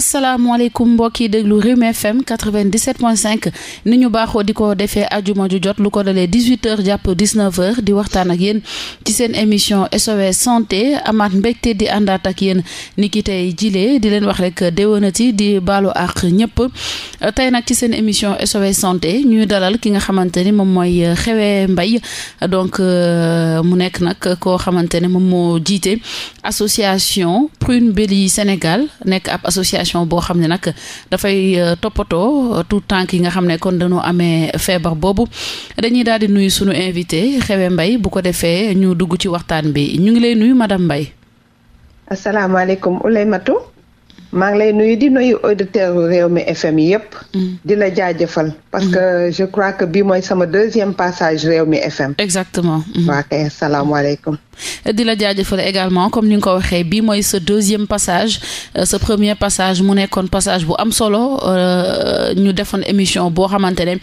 asalaamaaleykum mbokk yi déglu Rewmi FM 97.5 ni ñu baaxoo di ko defee ajuma jot lu ko dalee 18h jàpp 19h di waxtaan ak yéen ci seen émission SOS santé amaat mbégte di àndaat ak yéen ni ki tey jilee di leen wax rek déwénati di baalu ak ñëpp tey nag ci seen émission SOS santé ñuy dalal ki nga xamante ni moom mooy Xewe Mbaye donc euh, mu nekk nag koo xamante ne moom moo jiite association Prune Belly Sénégal nekk ab association. association boo xam ne nag dafay euh, toppatoo tout tànk yi nga xam ne kon dañoo amee feebar boobu dañuy daal di nuyu sunu invité Xewe mbay bu ko defee ñu dugg ci waxtaan bi ñu ngi lay nuyu madame Mbaye asalaamaaleykum Ouleye Matou maa ngi lay nuyu di nuyu auditeurs mi FM yëpp. Mm. di la jaajëfal. parce mm. que je crois que bii mooy sama deuxième passage mi FM. exactement. Mm-hmm. waa kay salaamaaleykum. di la jaajëfal également comme ni nga ko waxee bii mooy sa deuxième passage euh, sa premier passage mu nekkoon passage bu am solo euh, ñu defoon émission boo xamante ne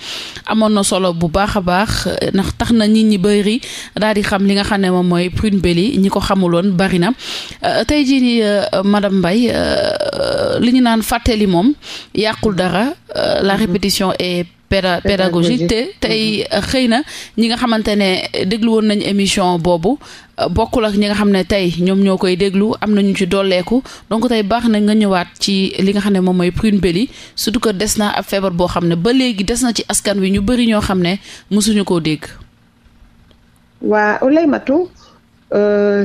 amoon na solo bu baax a baax ndax tax na nit ñi bëri daal di xam li nga xam ne moom mooy Prune Belly ñi ko xamuloon bari na euh, tey jii nii madame Mbaye. Euh, li ñu naan fàttali moom yàqul dara euh, la mhm. répétition est péda pédagogique te mhm. tey xëy na ñi nga xamante ne déglu woon nañu émission boobu euh, bokkul ak ñi nga xam ne tey ñoom ñoo koy déglu am na ñu ci dolleeku donc tey baax na nga ñëwaat ci li nga xam ne moom mooy prune belly surtout que des na ab feebar boo xam ne ba léegi des na ci askan wi ñu bëri ñoo xam ne mosuñu koo dégg. waa Ouleye Matou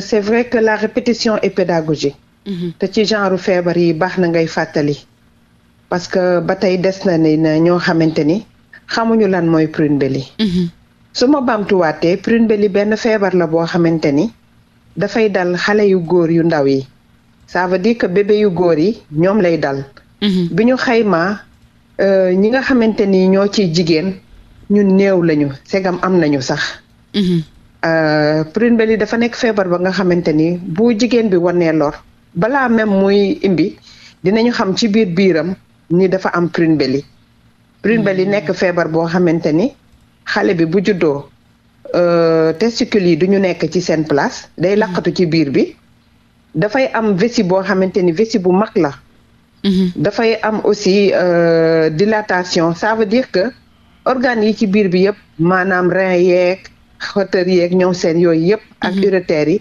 c'est vrai que la répétition est pédagogique. Mhm. te ci genre feebar yi baax na ngay fàttali. parce que ba tey des na ni na ñoo xamante ni xamuñu lan mooy prune belly. Mhm. su ma bamtuwaatee prune benn feebar la boo xamante ni dafay dal xale yu góor yu ndaw yi ça veut que bébé yu góor yi ñoom lay dal. Mhm. bi ñu xaymaa euh, ñi nga xamante ni ñoo ciy jigéen ñu néew lañu segam am nañu sax. Euh, prune belly dafa nekk feebar ba nga xamante ni bu jigéen bi wanee lor. balaa même muy imbi dinañu xam ci biir biiram ñi dafa am prune belly prune belly hmm. nekk feebar boo xamante ni xale bi bu juddoo euh, testicules yi duñu nekk ci seen place day hmm. laqatu ci biir bi dafay am vessie boo xamante ni vessie bu mag la hmm. dafay am aussi euh, dilatation ça veut dire que organes yi ci biir bi yëpp maanaam rein yeeg xëtër yeeg ñoom seen yooyu yëpp ak uretère yi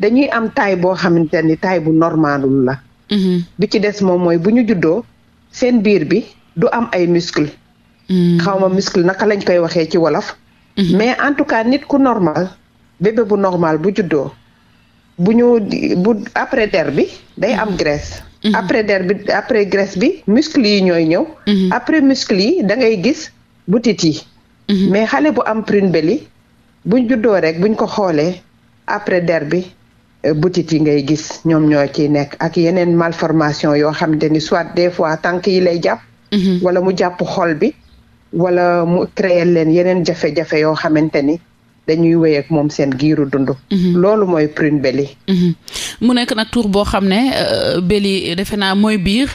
dañuy am taay boo xamante ni taay bu normalul la. Mm-hmm. bi ci des moom mooy bu ñu juddoo seen biir bi du am ay muscle. Mm-hmm. xaw ma muscle naka lañ koy waxee ci wolof. Mm-hmm. mais en tout cas nit ku normal bébé bu normal bu juddoo bu ñu bu après der bi day am graisse. après der après graisse bi muscle yi ñooy ñëw. après muscle yi da ngay gis butit yi. mais xale bu am prune belly buñ juddoo rek buñ ko xoolee après der bi. butit yi ngay gis ñoom ñoo ciy nekk ak yeneen malformation yoo xamante ni soit des fois tànk yi lay jàpp mhm. wala mu jàpp xol bi wala mu créer leen yeneen jafe-jafe yoo xamante ni dañuy wéy moom seen giiru dund mhm. loolu mooy prune belly mhm. mu nekk nag tour boo xam ne euh, belly defe naa mooy biir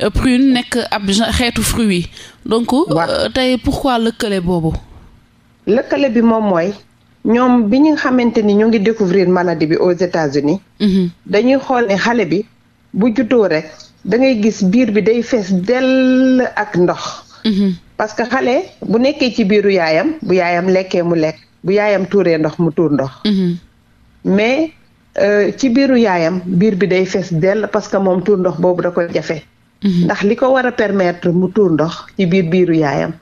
euh, prune nekk ab xeetu fruit donc euh, tey pourquoi lëkkale boobu lëkkale bi moom mooy ñoom bi ñu xamante ni ñu ngi découvrier maladie bi aux États-Unis mhm. dañuy xool ne xale bi bu juddoo rek da ngay gis biir bi day fees dell ak ndox mhm. parce que xale bu nekkee ci biiru yaayam bu yaayam lekkee mu lekk bu yaayam tuure ndox mu tuur ndox mhm. mais euh, ci biiru yaayam biir bi day fees dell parce que moom tuur ndox boobu da koy jafe ndax li ko war a permettre mu tuur ndox ci biir biiru yaayam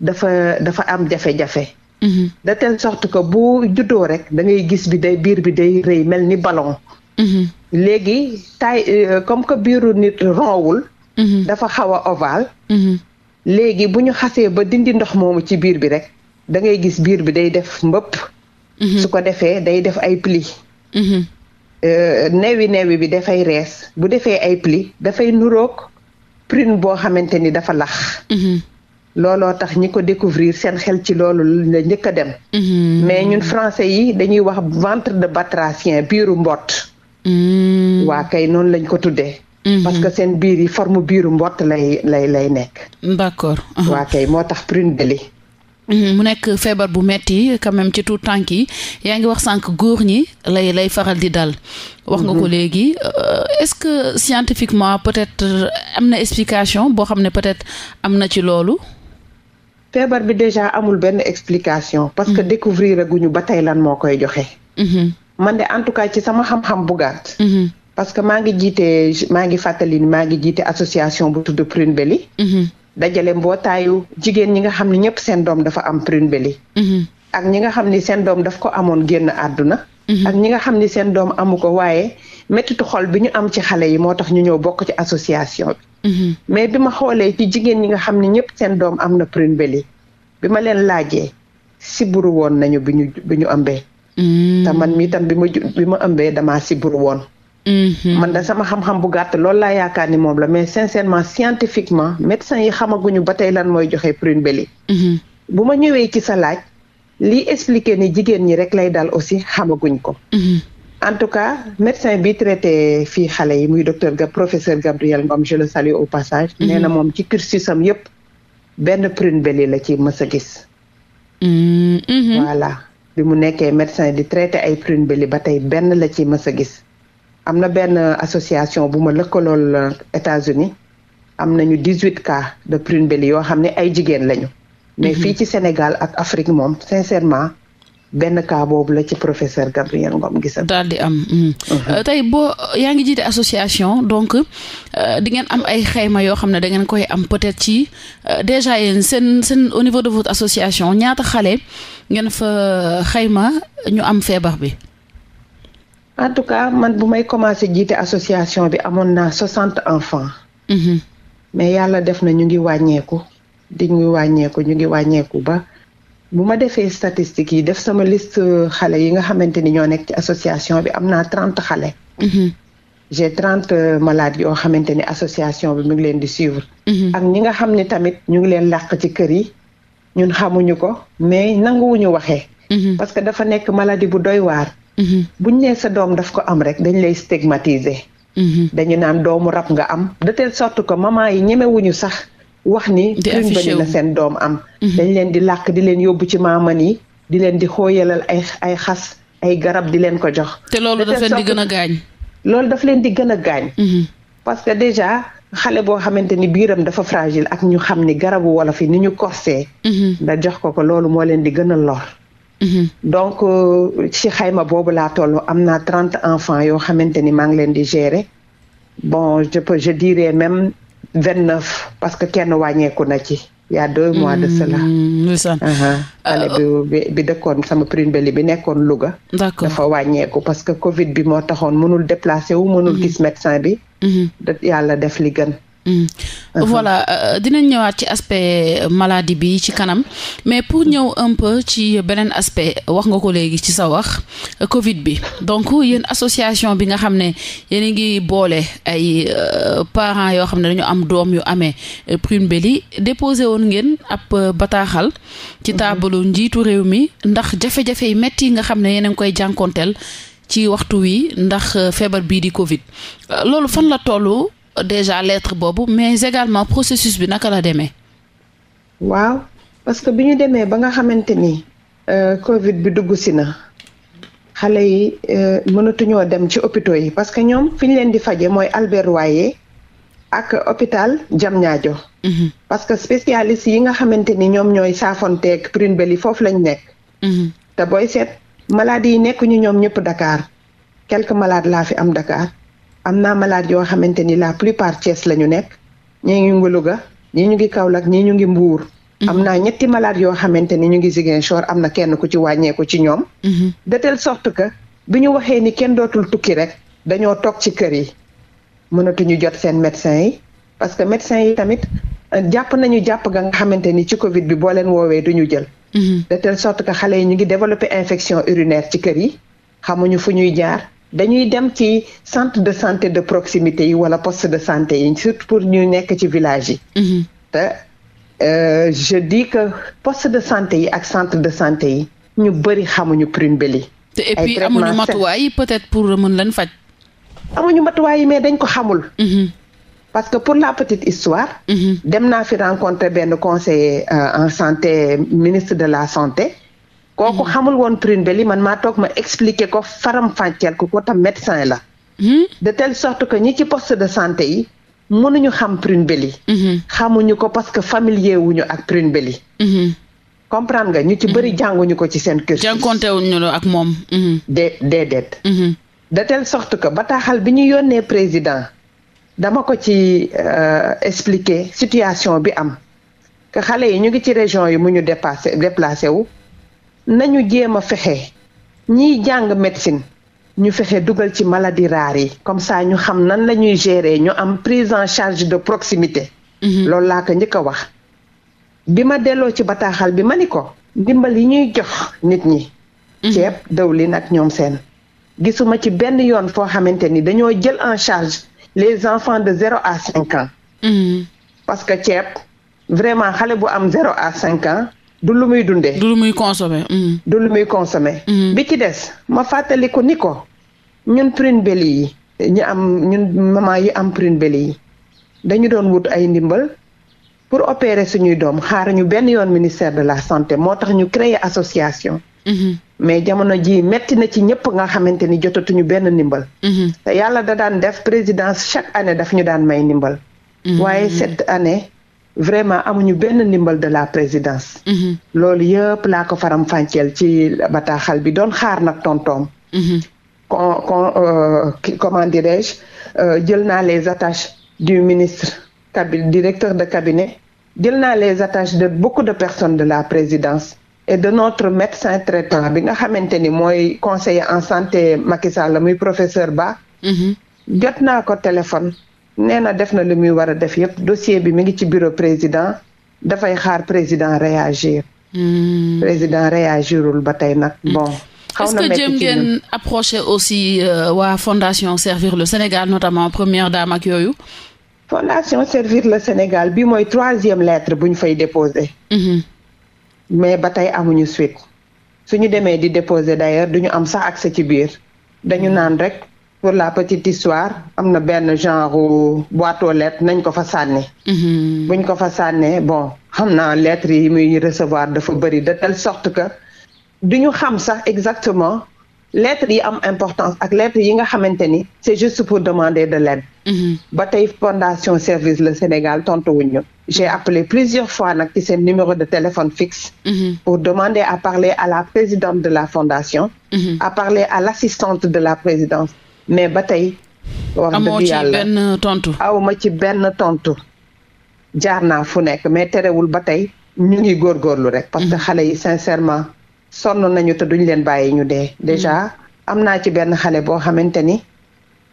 dafa dafa am jafe-jafe Mm-hmm. de telle sorte que bu juddoo rek da ngay gis bi day biir bi day rëy mel ni ballon. Mm-hmm. léegi taille euh, comme que biiru nit rongwul. Mm-hmm. dafa xaw a ovale. léegi bu ñu xasee ba dindi ndox moomu ci biir bi rek da ngay gis biir bi day def mbëpp. su ko defee day def ay pli. Euh, newi newi bi dafay rees bu defee ay pli dafay nurook prune boo xamante ni dafa lax. looloo tax ñi ko découvrir seen xel ci loolu la njëkk a dem. Mm-hmm. mais ñun français yi dañuy wax ventre de batracien biiru mbott. Mm-hmm. waa kay noonu lañ ko tuddee. Mm-hmm. parce que seen biir yi forme biiru mbott lay lay lay nekk. d'accord. Uh-huh. waa kay moo tax prune de li mu nekk feebar bu metti quand même ci tout tànk yi yaa ngi wax sànq góor ñi lay lay faral di dal. wax nga ko léegi euh, est-ce que scientifiquement peut-être am na explication boo xam ne peut-être am na ci loolu. feebar bi déjà amul benn explication. parce que mhm. découvrir guñu ba tey lan moo koy joxe. Mhm. man de en tout cas ci sama xam-xam bu gàtt. Mhm. parce que maa ngi jiite maa ngi fàttali ni maa ngi jiite association bu tudd Prune Belly. dajale mbootaayu jigéen ñi nga xam ne ñëpp seen doom dafa am Prune Belly. ak ñi nga xam ni seen doom daf ko amoon génn àdduna. ak ñi nga xam ni seen doom amu ko waaye méttitu xol bi ñu am ci xale yi moo tax ñu ñëw bokk ci association bi. Mhm. mais bi ma xoolee ci jigéen ñi nga xam ne ñëpp seen doom am na prune belly bi ma leen laajee siburu woon nañu bu ñu bi ñu ëmbee. Mhm. te man mii bi ma bi ma ëmbee damaa siburu woon. Mhm. man da sama xam-xam bu gàtt loolu laa yaakaar ni moom la mais sincèrement scientifiquement médecin yi xamaguñu ba tey lan mooy joxe prune belly. bu ma ñëwee ci sa laaj. lii expliqué ni jigéen ñi rek lay daal aussi xamaguñ ko. en tout cas médecin bi traité fii xale yi muy docteur ga professeur Gabriel Ngom je le salue au passage. Mhm. nee na moom ci cursusam yëpp benn prune belli la ci mës a gis. Mm, mhm. voilà bi mu nekkee médecin di traité ay prune belli ba tey benn la ci mës a gis. am na benn association bu ma lëkkalool euh, États-Unis am nañu dix huit cas de prune belli yoo xam ne ay jigéen lañu. mais mhm. fii ci Sénégal ak Afrique moom sincèrement. benn cas boobu la ci professeur Gabriel Ngom Guissane. daal di am. Mm. Mhm. Euh, tey boo euh, yaa ngi jiite association donc euh, di ngeen am ay xayma yoo xam ne dangeen koy am peut-être ci déjà yéen seen seen au niveau de votre association ñaata xale ngeen fa xayma ñu am feebar bi. en tout cas man bu may commencer jiite association bi amoon na soixante enfants. Mm -hmm. mais yàlla def na ñu ngi wàññeeku di ñu ngi wàññeeku ñu ngi wàññeeku ba. bu ma defee statistiques yi def sama liste euh, xale yi nga xamante ni ñoo nekk ci association bi am naa trente xale. Mm-hmm. j'ai trente euh, malades yoo xamante ni association bi mu ngi leen di suivre. Mm-hmm. ak ñi nga xam ne tamit ñu ngi leen làq ci kër yi ñun xamuñu ko mais nanguwuñu waxee. Mm-hmm. parce que dafa nekk maladie bu doy waar. buñ nee sa doom daf ko am rek dañ lay stigmatiser. dañu naan doomu rab nga am de telle sorte que maman yi ñemewuñu sax. wax ni crime ba ni doom am mhm. dañ leen di làkk di leen yóbbu ci maaman yi di leen di xooyalal ay ay xas ay garab di leen ko jox te loolu daf leen di gën a gaañ loolu daf leen di gën a gaañ mhm. parce que déjà xale boo xamante ni biiram dafa fragile ak ñu xam ni garabu wala fi ni ñu korsee da mhm. jox ko ko loolu moo leen di gën a lor donc euh, ci xayma boobu laa toll am naa trente enfants yoo xamante ni maa ngi leen di gérer bon je peux je dirais vingt neuf parce que kenn wàññeeku na ci y a deux mois de cela mm, uh-huh. euh, xale bi bi dëkkoon sama primbeli bi nekkoon Louga dafa wàññeeku parce que Covid bi moo taxoon mënul déplacé wu mënul mm-hmm. gis médecin bi mm-hmm. yàlla def li Mmh. Mmh. voilà euh, dinañ ñëwaat ci aspect euh, maladie bi ci kanam mais pour ñëw un ci beneen aspect wax nga ko léegi ci sa wax Covid bi donc yéen association bi nga xam ne yéen a ngi boole ay parents yoo xam ne dañu am doom yu amee Prune Belly déposé woon ngeen ab bataaxal ci mm-hmm. taabalu njiitu réew mi ndax jafe-jafe yi métti yi nga xam ne yéen a ngi koy jànkonteel ci waxtu wi ndax feebar bii di Covid loolu fan la tollu déjà lettre boobu mais également processus bi naka la demee. waaw parce que bi ñu demee ba nga xamante ni. Euh, Covid bi dugg si na. xale yi euh, mënatuñoo dem ci hôpitaux yi parce que ñoom fi ñu leen di faje mooy Albert Royer ak hôpital Diamniadio mm-hmm. parce que spécialiste yi nga xamante ni ñoom ñooy saafonteeg Prune Belly foofu lañ nekk. Mm-hmm. te booy seet maladi yi nekk ñu ñoom ñëpp Dakar quelque malades laa fi am Dakar. am naa malade yoo xamante ni la plupart Thiès la ñu nekk ñii ñu ngi Louga ñii ñu ngi Kaolack ñii ñu ngi mbuur am mhm. naa ñetti malade yoo xamante ni ñu ngi Ziguinchor am na kenn ku ci wàññeeku ci ñoom. Mhm. de telle sorte que bi ñu waxee ni kenn dootul tukki rek dañoo toog ci kër yi mënatuñu jot seen médecin yi parce que médecin yi tamit euh, jàpp nañu jàpp ga nga xamante ni ci Covid bi boo leen woowee duñu jël. Mhm. de telle sorte que xale yi ñu ngi développer infection urinaire ci kër yi xamuñu fu ñuy jaar. dañuy dem ci centre de santé de proximité yi wala poste de santé yi surtout pour ñu nekk ci village yi. Mhm. te euh, je dis que poste de santé yi ak centre de santé yi ñu bëri xamuñu prune belly. te et puis amuñu matuwaay peut-être pour mën leen faj. amuñu matuwaay yi mais dañ ko xamul. Mhm. parce que pour la petite histoire. Mhm. dem naa fi rencontrer benn conseiller euh, en santé ministre de la santé. kooku mhm. xamul woon prune belly man maa toog ma expliquer ko faram fàcceel ko ko tam médecin la hmm? de telle sorte que ñi ci poste de santé yi mënuñu xam prune belly mhm. xamuñu ko parce que familier wuñu ak prune belly mhm. comprendre nga ñu ci bëri jànguñu ko ci seen kër jànkontewuñu ak moom dé déedéet de telle sorte que bataaxal bi ñu yónnee président dama ko ci euh, expliquer situation bi am que xale yi ñu ngi ci région yi mu ñu dépassé déplacé wu nañu jéem a fexe ñiy jàng médecine ñu fexe dugal ci maladie rare yi comme ça ñu xam nan la ñuy gérer ñu am prise en charge de proximité. Mhm. loolu laa ko njëkk a wax. bi ma delloo ci bataaxal bi ma ni ko ndimbal yi ñuy jox nit ñi. Mhm. ceeb dawlin ak ñoom seen. gisuma ci benn yoon foo xamante ni dañoo jël en charge les enfants de zéro à cinq ans. Mhm. parce que ceeb vraiment xale bu am zéro à cinq ans du lu muy dundee. du lu muy consommer. Mm. du lu muy mm. bi ci des ma fàttaliku ni ko ñun prune belly yi ñu am ñun maman yi am prune belly yi dañu doon wut ay ndimbal pour opérer suñuy doom xaar ñu benn yoon ministère de la santé moo tax ñu créer association. Mm-hmm. mais jamono ji metti na ci ñëpp nga xamante ni jotatuñu benn ndimbal. Mm-hmm. yàlla da daan def présidence chaque année daf ñu daan may ndimbal. Mm-hmm. waaye cette année. vraiment amuñu benn ndimbal de la présidence. Mhm. loolu yëpp laa ko faram fàcceel ci bataaxal bi doon xaar nag tontoom. con mhm. con euh, comment dirais-je euh, jël naa les attaches du ministre cabinet directeur de cabinet jël naa les attaches de beaucoup de personnes de la présidence. et de notre médecin traitant bi nga xamante ni mooy conseiller en santé Macky Sall muy professeur Ba. Mhm. jot naa ko téléphone. nee na def na lu muy war a def yëpp dossier bi mu ngi ci bureau président dafay xaar président réagir. Mmh. président réagirul ba tey nag hmm. bon. xaw na métti ci ñun est-ce que aussi euh, waa fondation Servir le Sénégal notamment première dame ak yooyu. fondation Servir le Sénégal bi mooy troisième lettre bu ñu fay déposé. Hmm. mais ba tey amuñu suite. su ñu demee di déposé d'ailleurs duñu am sax accès ci biir dañu hmm. naan rek pour la petite histoire am na benn genre boîte aux nañ ko fa sànni. Mhm. buñ ko fa sànnee bon xam naa lettres yi muy recevoir dafa bëri de telle sorte que du ñu xam sax exactement lettres yi am importance ak lettres yi nga xamante ni c'est juste pour demander de l'aide. Mhm. ba tey fondation service le Sénégal tontu wuñu ñu. j'ai appelé plusieurs fois nag ci seen numéro de téléphone fixe. Mhm. pour demander à parler à la présidente de la fondation. à parler à l'assistante de la présidente mais ba tey. wax dëgg yàlla amoo ci benn tontu. aw ma ci benn tontu jaar naa fu nekk mais terewul ba tey ñu ngi góorgóorlu rek. parce que mhm. xale yi sincèrement sonn nañu te duñ leen bàyyi ñu dee. déjà mhm. am naa ci benn xale boo xamante ni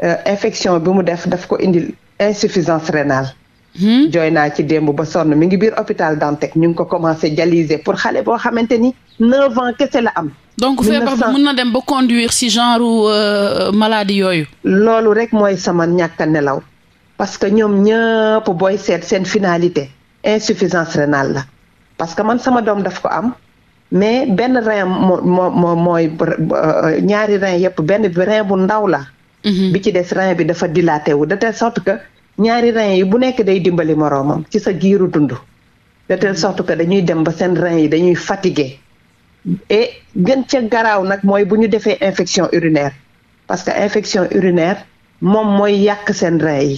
euh, infection bi mu def daf ko indil insuffisance rénale. Mhm. jooy naa ci démb ba sonn mu ngi biir hôpital Dantec ñu ngi ko commencé dialyser pour xale boo xamante ni 9 ans kese la am. donc feebar bi mën na dem ba conduire ci genre euh, maladie yooyu. loolu rek mooy sama ñàkk a nelaw parce que ñoom ñëpp booy seet seen finalité insuffisance rénale la parce que man sama doom daf ko am mais benn rein moo moo mooy euh, ñaari rein yëpp benn rein bu ndaw la. Mhm. bi ci des rein bi dafa dilaté wu de telle sorte que ñaari rein yi bu nekk day dimbali moroomam ci sa giiru dund. de telle mhm. sorte que dañuy dem ba seen rein yi dañuy fatigué. et gën ca garaaw nag mooy bu ñu defee infection urinaire parce que infection urinaire moom mooy yàq seen rein yi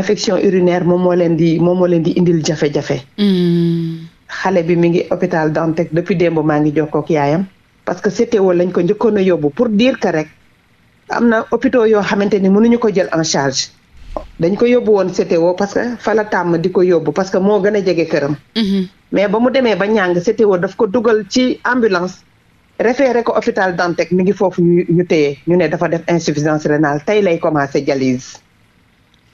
infection urinaire moom moo leen di moom moo leen di indil jafe-jafe. Hmm. xale bi mu ngi hôpital Dantec depuis démb maa ngi jokkoo ak yaayam parce que CTO lañ ko njëkkoon a yóbbu pour dire que rek am na hôpitaux yoo xamante ni mënuñu ko jël en charge. dañ ko yóbbu woon CTO parce que fa la tàmm di ko yóbbu parce que moo gën a jege këram. Hmm. mais ba mu demee ba ñàng CTO daf ko dugal ci ambulance référé ko hôpital Dantec mi ngi foofu ñu ñu téye ñu ne dafa def insuffisance rénale tey lay commencé dialyse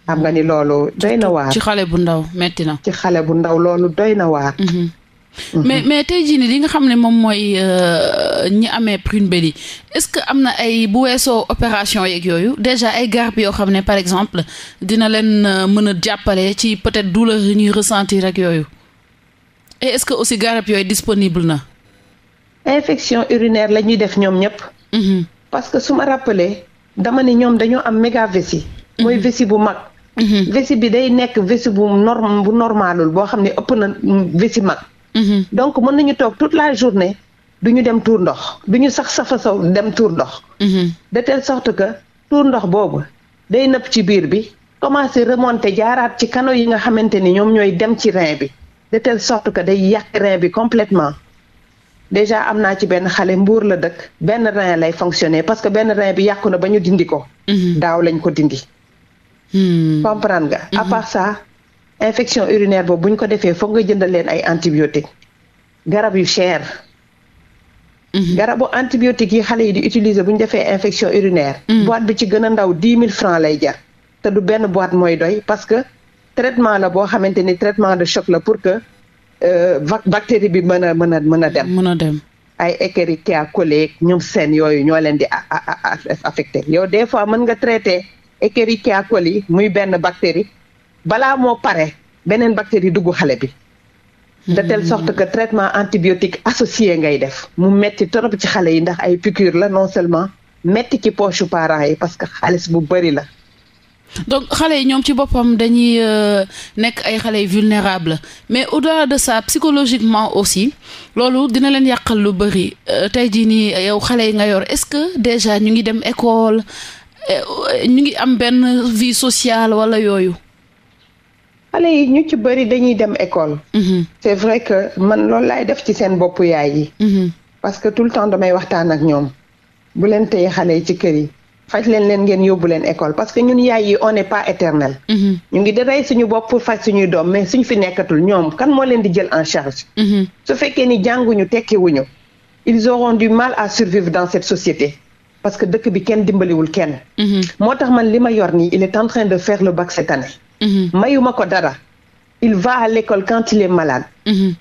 xam nga ni loolu doy na waar. ci xale bu ndaw metti na. ci xale bu ndaw loolu doy na waar. Mhm. Mhm. mais mais tey jii nii li nga xam ne moom mooy euh, ñi amee prune belly est-ce que am na ay bu weesoo opération yeeg yooyu déjà ay garab yoo xam ne par exemple dina leen euh, mën a jàppale ci peut-être douleur yi ñuy ressentir ak yooyu. et est-ce aussi garab yooyu disponible na. infection urinaire la ñuy def ñoom ñëpp. Mm-hmm. parce que su ma rappelé dama ne ñoom dañoo am méga vessie. Mm-hmm. mooy vessie bu mag. Mm-hmm. vessie bi day nekk vessie bu norm bu normalul boo xam ne ëpp na vessie mag. donc mën nañu toog toute la journée du ñu dem tuur ndox du ñu sax safa saw dem tuur ndox. de telle sorte que tuur ndox boobu day nëpp ci biir bi commencé remonter jaaraat ci canaux yi nga xamante ni ñoom ñooy dem ci rein bi. de telle sorte que day yàq rein bi complètement déjà am naa ci benn xale mbuur la dëkk benn rein lay fonctionner parce que benn rein bi yàqu na ba ñu dindi ko. Mhm. daaw lañ ko dindi. Hmm. comprendre ga à mhm. part ça infection urinaire boobu bu ñu ko defee foog nga jëndal leen ay antibiotiques garab yu cher. Mhm. garabu antibiotiques yi xale yi di utiliser bu ñu defee infection urinaire. boîte bi ci gën ndaw dix mille francs lay jar. te du benn boîte mooy doy parce que traitement la boo xamante ni traitement de choc la pour que euh, bactérie bi mën a mën a mën a dem. mën a dem ay Escherichia coli ñoom seen yooyu ñoo leen di affecté yow des fois mën nga traité Escherichia coli muy benn bactérie balaa moo pare beneen bactérie dugg xale bi. de telle hmm. sorte que traitement antibiotique associé ngay def. mu metti trop ci xale yi ndax ay piqûre la non seulement metti ci poche parents yi parce que xaalis bu bëri la. donc xale yi ñoom ci boppam dañuy euh, nekk ay xale yu vulnérable mais au-delà de ça psychologiquement aussi loolu dina leen yàqal lu bëri euh, tey jii nii yow xale yi nga yor est-ce que déjà ñu ngi dem école euh, ñu ngi am benn vie sociale walla yooyu. xale yi ñu ci bëri dañuy dem école. Mm-hmm. c'est vrai que man loolu laay def ci seen bopp yaay yi. Mm-hmm. parce que tout le temps damay waxtaan ak ñoom bu leen téye xale yi ci kër yi. faj leen leen ngeen yóbbu leen école parce que ñun yaay yi on n'est pas éternel. Mhm. ñu ngi di rey suñu bopp pour faj suñuy doom mais suñ fi nekkatul ñoom kan moo leen di jël en charge. Mhm. su fekkee ni jànguñu tekkiwuñu ils auront du mal à survivre dans cette société. parce que dëkk bi kenn dimbaliwul kenn. Mhm. moo tax man li yor nii il est en train de faire le bac cette année. mayuma ko dara. il va à l'école quand malade.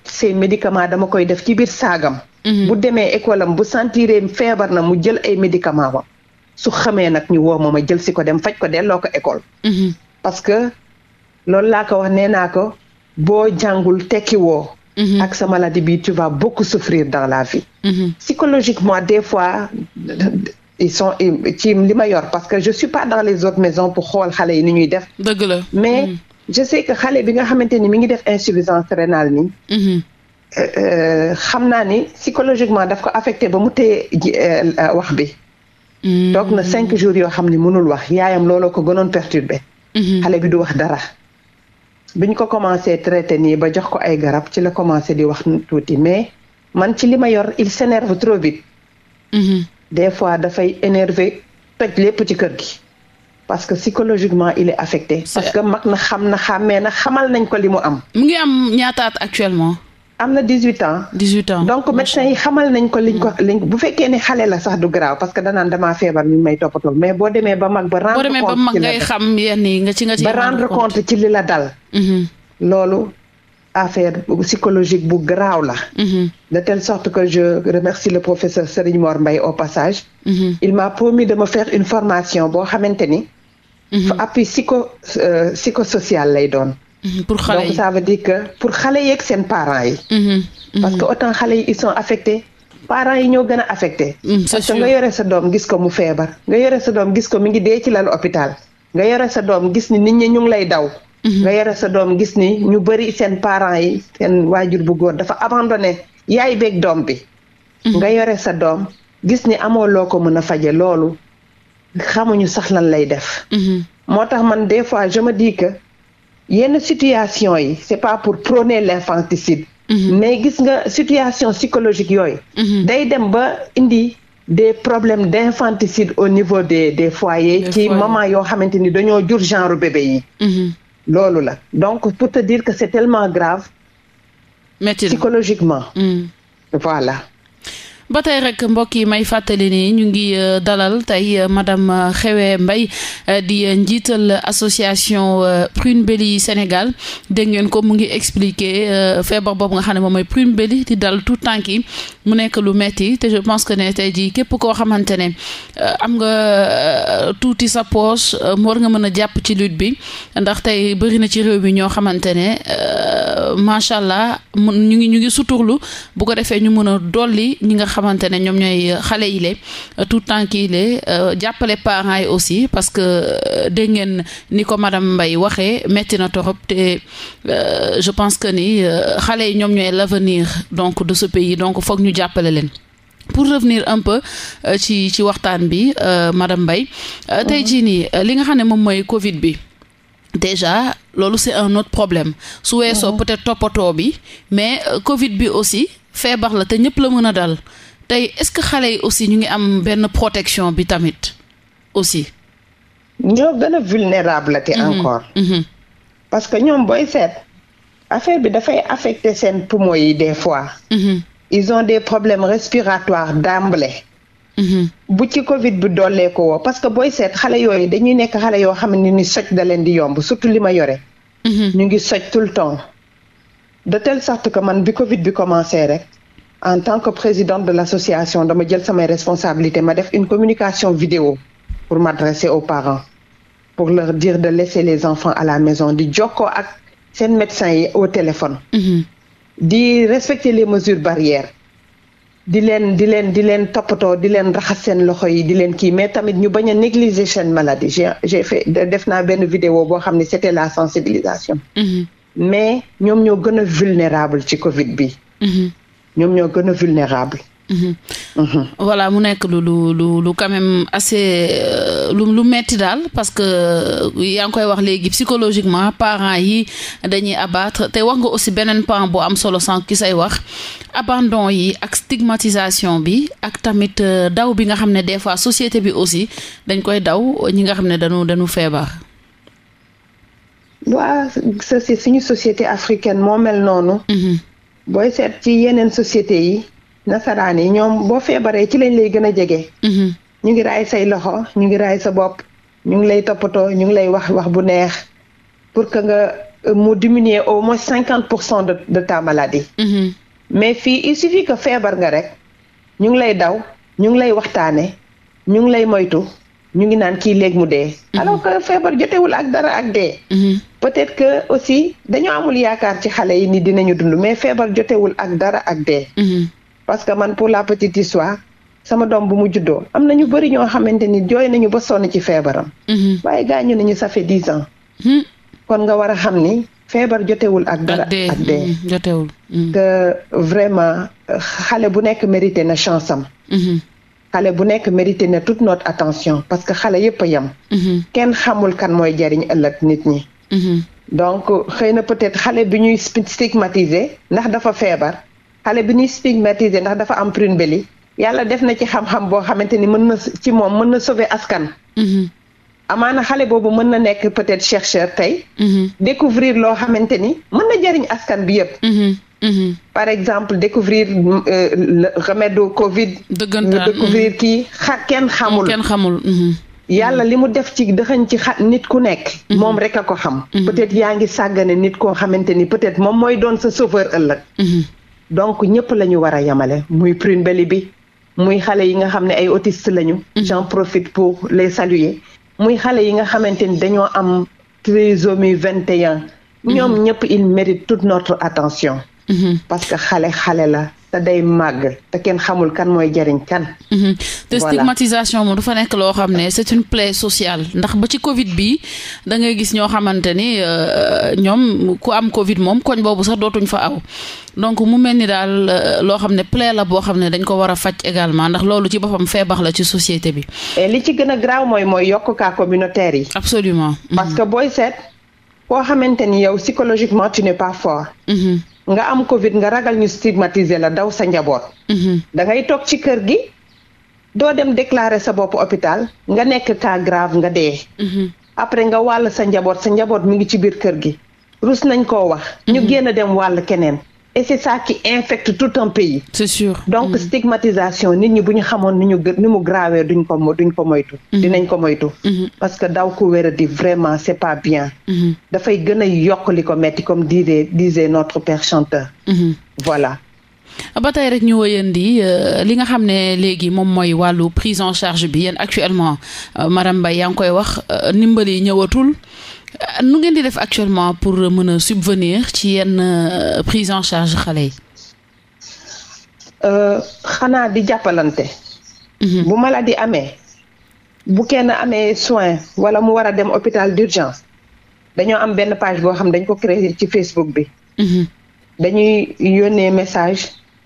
ses médicaments dama koy def ci biir saagam. su xamee nag ñu woo ma a jël si ko dem faj ko delloo ko école. Mhm. parce que loolu laa ko wax nee naa ko boo jàngul tekki woo. Mhm. ak sa maladie bi tu vas beaucoup souffrir dans la vie. Mhm. psychologiquement des fois. ils sont ci li ma yor parce que je suis pas dans les autres maisons pour xool xale yi ni ñuy def. dëgg la mais mmh. je sais que xale bi nga xamante ni mi ngi def insuffisance rénale nii. Euh, euh, xam naa ni psychologiquement daf ko affecté ba mu téye euh, wax bi. toog na cinq jours yoo xam ne mënul wax yaayam looloo ko gënoon perturbé. Mhm. xale bi du wax dara. bi ko commencé traité nii ba jox ko ay garab ci la commencé di wax tuuti mais man ci li ma yor il s'énerve trop vite. Mhm. des fois dafay énervé toj lépp ci kër gi. parce que psychologiquement il est affecté. parce que mag na xam na xàmmee na xamal nañ ko li mu am. mu ngi am ñaataat actuellement. am na dix huit ans. dix huit ans donc médecin yi xamal nañ ko liñ ko mm. liñ bu fekkee ne xale la sax du garaaw parce que danaan damaa feebar ñu may toppatoo mais boo demee ba mag. ba rendre compte xam yenn yi nga ci nga ci. ba rendre compte ci li la dal. Mm-hmm. loolu affaire psychologique bu garaaw la. Mm-hmm. de telle sorte que je remercie le professeur Serigne Mor Mbaye au passage. Mm-hmm. il m'a promis de me faire une formation boo xamante ni. appui psycho euh, psychosocial lay doon. Mhm, pour xale yi donc ça pour xale yeeg seen parents yi. Mhm, mhm. parce que autant xale yi ils sont affectés. yi ñoo gën a affecté. parce que nga yore sa doom gis ko mu feebar. nga yore sa doom gis ko mi ngi dee ci lan hôpital. nga yore sa doom gis ni nit ñi ñu ngi lay daw. yore sa doom gis ni ñu bëri seen parent yi seen waajur bu góor dafa abandonné. yaay beeg doom bi. nga yore sa doom gis ni amoo loo ko mën a faje loolu xamuñu sax lan lay def. moo tax man des fois di que yenn situation yi c'est pas pour prôner l'infanticide mhm. mais gis nga situation psychologique yooyu mhm. day dem ba indi des problèmes d'infanticide au niveau des des foyers ci maman yoo xamante ni dañoo jur genre bébé yi mhm. loolu la donc pour te dire que c'est tellement grave Métil. psychologiquement voilà ba tey rek mbokk yi may fàttali ni ñu ngi euh, dalal tey euh, madame xewee euh, mbay di njiital association Prune Belly Sénégal dégg ngeen ko mu ngi expliquer feebar boobu nga xam ne moom mooy Prune Belly di dal tout temps ki mu nekk lu metti te je pense que ne tey jii képp koo xamante ne am nga touti sa poche war nga mën a jàpp ci lutte bi ndax tey bëri na ci réew bi ñoo xamante ne macha allah ñu ngi ñu ngi suturlu bu ko defee ñu mën a dolli ñi nga xamante ne ñoom ñooy xale yi le euh, tout temps kii le euh, jàppale parent yi aussi parce que euh, dégg ngeen ni ko madame mbay waxee métti na torop te je pense que ni xale yi ñoom ñooy l'avenir donc de ce pays donc foog ñu jàppale leen. pour revenir un peu ci waxtaan bi madame mbay tey mhm. jii nii li nga xam ne moom mooy Covid bi déjà loolu c'est un autre problème su weesoo mhm. peut-être toppatoo bi mais Covid bi aussi. feebar la te ñëpp la mën a dal tey est-ce que xale yi aussi ñu ngi am benn protection bi tamit aussi. ñoo gën a vulnérable te mhm. encore. Mhm. parce que ñoom booy seet affaire bi dafay affecter seen poumon yi des fois. Mhm. ils ont des problèmes respiratoires d'emblée. bu ci Covid bi doolee woo parce que booy seet xale yooyu dañuy nekk xale yoo xam ne ni soj da leen di yomb surtout li ma yore. ñu ngi soj tout temps. de telle sorte que man bi Covid bi commencé rek en tant que présidente de l'association dama jël samay responsabilité ma def une communication vidéo pour m'adresser aux parents pour leur dire de laisser les enfants à la maison di jokkoo ak seen médecin yi au téléphone mhm. di respecter les mesures barrières di leen di leen di leen toppatoo di leen raxas seen loxo yi di leen kii mais tamit ñu bañ a négliger maladie j'ai def na benn vidéo boo xam ne c'était la sensibilisation mm mais ñoom ñoo gën a vulnérable ci Covid bi. Mhm. ñoom ñoo gën a vulnérable. Mmh. Mmh. voilà mu nekk lu lu lu lu quand même assez euh, lu lu metti daal parce que euh, yaa ngi koy wax léegi psychologiquement parents yi dañuy abattre te wax nga aussi beneen pan bu am solo sànq ki say wax abandon yi ak stigmatisation bi ak tamit euh, daw bi nga xam ne des fois société bi aussi dañ koy daw ñi nga xam ne dañu dañu feebar. waa soci suñu société africaine moo mel noonu. Mhm. booy seet ci yeneen société yi nasaraan yi ñoom boo feebaree ci lañ lay gën a jege. Mhm. ñu ngi raay say loxo ñu ngi raay sa bopp ñu ngi lay toppatoo ñu ngi lay wax wax bu neex pour que nga euh, mu diminuer au moins cinquante pour cent de de ta mhm. mais fii il suffit que feebar nga rek ñu ngi lay daw ñu ngi lay waxtaane ñu ngi lay moytu. ñu ngi naan kii leeg mu dee. Mhm. alors que feebar jotewul ak dara ak dee. Mhm. peut-être que aussi dañoo amul yaakaar ci xale yi ni dinañu dund mais feebar jotewul ak dara ak dee. Mhm. parce que man pour la petite histoire sama doom bu mu juddoo am na ñu bëri ñoo xamante ni jooy nañu ba sonn ci feebaram. waaye ñu nañu ça fait dix ans. kon nga war a xam ni. feebar jotewul ak dara ak dee jotewul. que vraiment xale bu nekk mérité na chance am. xale bu nekk mérité na toute notre attention parce que xale yëpp a yem. Mhm. kenn xamul kan mooy jariñ ëllëg nit ñi. Mhm. donc xëy na peut-être xale bi ñuy stigmatiser ndax dafa feebar xale bi ñuy stigmatiser ndax dafa am prune belly yàlla def na ci xam-xam boo xamante ni mën na ci moom mën na sauver askan. Mhm. amaana xale boobu mën na nekk peut-être chercheur tey. Mhm. découvrir loo xamante ni mën na jariñ askan bi yëpp. Mhm, mhm. par exemple découvrir euh, le remède au Covid. dëggantaan découvrir kii xa kenn xamul kenn xamul. yàlla li mu def ci dëxañ ci xa nit ku nekk. moom rek a ko xam. peut-être yaa ngi sàggane nit koo xamante ni peut-être moom mooy doon sa sauveur ëllëg. donc ñëpp la ñu war a yemale muy Prune Belly bi muy xale yi nga xam ne ay autistes lañu. j'en profit pour les saluer. muy xale yi nga xamante ni dañoo am trisomie 21. ñoom mm-hmm. ñëpp il mérite toute notre attention. Mm-hmm. parce que xale xale la te day màgg te kenn xamul kan mooy jariñ kan. Mm-hmm. te stigmatisation moom dafa nekk loo xam ne c'est une plaie sociale ndax ba ci Covid bi da ngay gis ñoo xamante ni euh, ñoom ku am Covid moom koñ boobu sax dootuñ fa aw donc mu mel ni daal euh, loo xam ne plaie la boo xam ne dañ ko war a faj également ndax loolu ci boppam feebax la ci société bi. li ci gën a graaw mooy mooy yokk cas communautaire yi. absolument parce mm-hmm. que booy seet koo xamante ni yow psychologiquement tu n'es pas fort. nga am Covid nga ragal ñu stigmatiser la daw sa njaboot. Mhm. da ngay toog ci kër gi doo dem déclarer sa bopp hôpital nga nekk cas grave nga dee. Mhm. après nga wàll sa njaboot sa njaboot mu ngi ci biir kër gi. rus nañ koo wax. ñu mhm. génn dem wàll keneen. et c'est ça ki infect tout un pays. c'est donc mmh. stigmatisation nit ñi bu ñu xamoon ni ñu ni mu grawee duñ ko duñ ko moytu. Mm-hmm. dinañ ko moytu. Mm-hmm. parce que daw ku wér di vraiment c'est pas bien. Mm-hmm. dafay gën a yokk li ko metti comme disait disait notre père voilà. ba tey rek ñu wëyandi euh, li nga xam ne léegi moom mooy wàllu prise en charge bi yéen actuellement euh, madame Mbaye yaa ngi koy wax euh, ndimbali yi ñëwatul. nu ngeen di def actuellement pour euh, mën a subvenir ci yenn euh, prise en charge xale yi. Euh, xanaa di jàppalante. Mhm. bu maladie amee. bu kenn amee soin wala mu war a dem hôpital d'urgence dañoo am benn page boo xam dañ ko créer ci Facebook bi. Mhm. dañuy yónnee message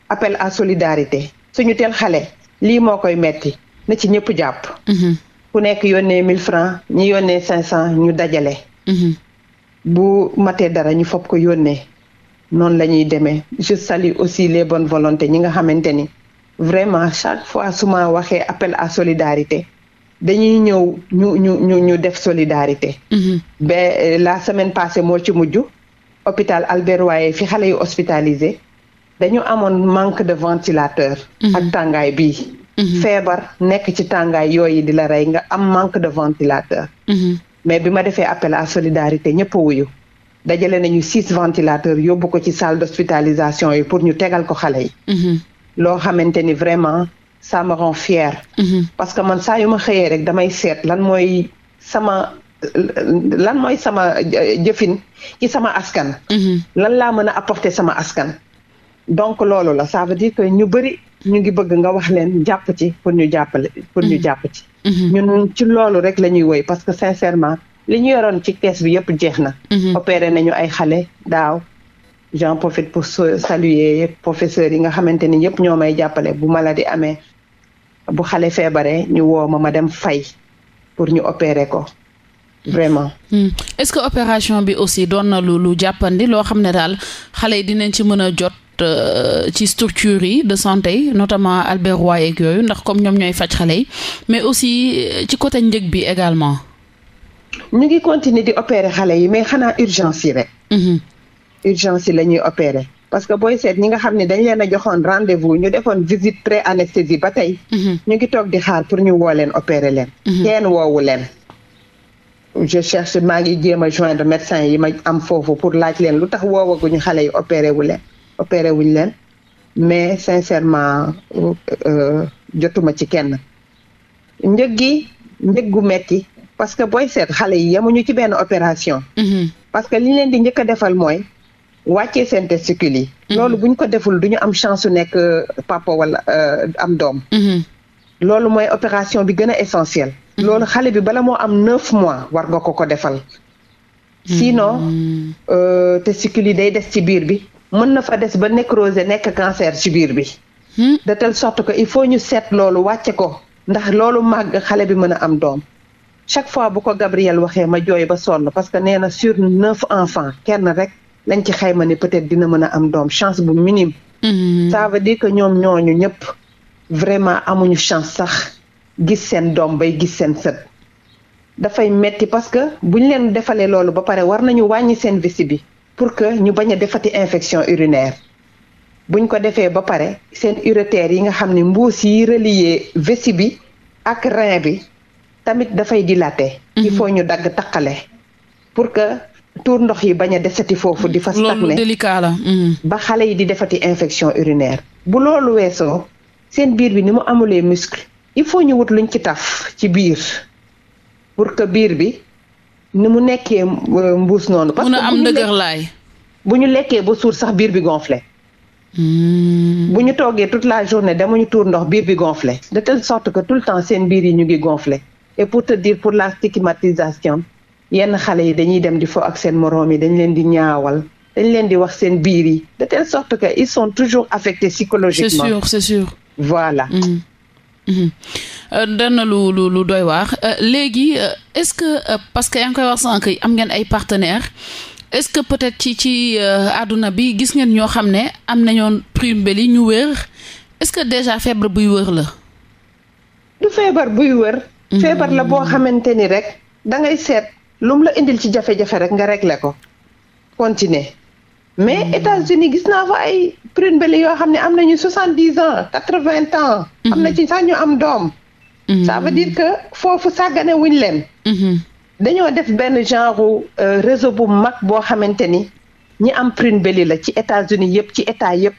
appel à solidarité. suñu tel xale lii moo koy metti na ci ñëpp jàpp. Mhm. ku nekk yónnee mille francs ñi yónnee 500 ñu dajale. Mhm. bu matee dara ñu fopp ko yónnee noonu la ñuy demee je aussi les bonnes volontés ñi nga xamante ni vraiment chaque fois su waxee appel à solidarité dañuy ñëw ñu ñu ñu ñu def solidarité. Mhm. ba euh, la semaine passée moo ci mujj. hôpital Albert waaye fi xale yu hospitalisé dañu amoon manque de ventilateur. Mhm. ak tàngaay bi feebar nekk ci tàngaay yooyu di la rey nga am manque de ventilateur. mais bi ma defee appel à solidarité ñëpp a wuyu dajale nañu six ventilateurs yóbbu ko ci salle d'hospitalisation yi pour ñu tegal ko xale yi. Mm-hmm. loo xamante ni vraiment ça me rend fière. Mm-hmm. parce que man saa yu ma xëyee rek damay seet lan mooy sama. lan mooy sama euh, jëfin ci sama askan mm-hmm. lan laa mën a apporter sama askan donc loolu la ça veut dire que ñu bëri ñu ngi bëgg nga wax leen jàpp ci pour ñu jàppale pour ñu jàpp ci Mm-hmm. ñun ci loolu rek la ñuy woy parce que sincèrement li ñu yoroon ci kees bi yëpp jeex na. Mm-hmm. opéré nañu ay xale daaw. j'en profite pour saluer professeurs yi nga xamante ni yëpp ñoo may jàppale bu maladie amee bu xale feebaree ñu woo ma ma dem fay pour ñu opérer ko vraiment. Mm. est-ce que opération bi aussi doon na lu lu jàppandi loo xam ne daal xale yi dinañ ci mën a jot. Euh, ci structures yi de santé yi notamment Albert Roy ak yooyu ndax comme ñoom ñooy faj xale yi mais aussi euh, ci côté njëg bi également. ñu ngi continuer di opérer xale yi mais xanaa urgence yi rek. Mhm. urgence yi la ñuy opérer parce que booy seet ñi nga xam ne dañ leen a joxoon rendez-vous ñu defoon visite pré anesthésie ba tey. Mhm. ñu ngi toog di xaar pour ñu woo leen opérer leen. Mhm. kenn woowu leen. je cherche maa yi jéem a joindre médecin yi ma am foofu pour laaj leen lu tax woowaguñu xale yi opéré wu leen. opéré leen mais sincèrement euh, euh, jotuma ci kenn njëg gi njëg gu metti parce que booy seet xale yi yemuñu ci benn opération mm-hmm. parce que liñ leen di njëkk a defal mooy wàcce seen testicule yi mm-hmm. loolu buñ ko deful duñu am chance su nekk euh, papa wala am doom mm-hmm. loolu mooy opération bi gën a essentielle loolu xale bi bala moo am neuf mois war nga ko ko defal sinon testicule yi day des ci biir bi mën na fa des ba nécrose nekk cancer ci biir bi. Hmm? de telle sorte que il faut ñu seet loolu wàcce ko ndax loolu màgg xale bi mën a am doom. chaque fois bu ko Gabriel waxee ma jooy ba sonn parce que nee na sur neuf enfants kenn rek lañ ci xayma ni peut dina mën a am doom chance bu minime. Hmm. ça veut dire que ñoom ñooñu ñëpp vraiment amuñu chance sax gis seen doom bay gis seen sët. dafay metti parce que ñu leen defalee loolu ba pare war nañu wàññi seen visi bi. pour que ñu bañ a defati infection urinaire buñ ko defee ba pare seen uretère yi nga xam ne mbuus yi relier vesi bi ak rein bi tamit dafay dilaté. Mhm. il faut ñu dagg taqale pour que tour ndox yi bañ a desati foofu di fa stagné loolu mhm. ba xale yi di defati infection urinaire bu loolu weesoo seen biir bi ni mu amulee muscle il faut ñu wut luñ ci taf ci biir pour que biir bi ni mu nekkee euh, mbuus noonu. parce que am dëgër laay. bu ñu lekkee ba suur sax biir bi gonflé. Hmm. bu ñu toogee toute la journée demuñu tuur ndox biir bi gonflé. de telle sorte que tout le temps seen biir yi ñu ngi gonflé et pour te dire pour la stigmatisation yenn xale yi dañuy dem di fo ak seen moroom yi dañ leen di ñaawal dañ leen di wax seen biir yi de telle sorte que ils sont toujours affectés psychologiquement. c'est sûr c'est sûr. voilà. Hmm. Mhm. Euh, dana lu lu lu doy wax euh, léegi euh, est-ce que parce que yaa koy wax sànq am ngeen ay partenaires est-ce que peut-être ci ci àdduna bi gis ngeen ñoo xam ne am nañoon prime belli ñu wër est-ce que déjà feebar buy wër la. du feebar buy wër. Mhm. feebar la boo xamante ni rek da ngay seet lu la indil ci jafe-jafe rek nga regle ko continuer. mais mm. États-Unis gis naa fa ay prune belli yoo xam ne am nañu soixante dix ans quatre vingt ans. Mm-hmm. am na ci sax ñu am doom. Mm-hmm. ça veut dire que foofu sàggane wuñ leen. Mm-hmm. dañoo def benn genre euh, réseau bu mag boo xamante ni ñi am prune belli la ci États-Unis yëpp ci état yëpp.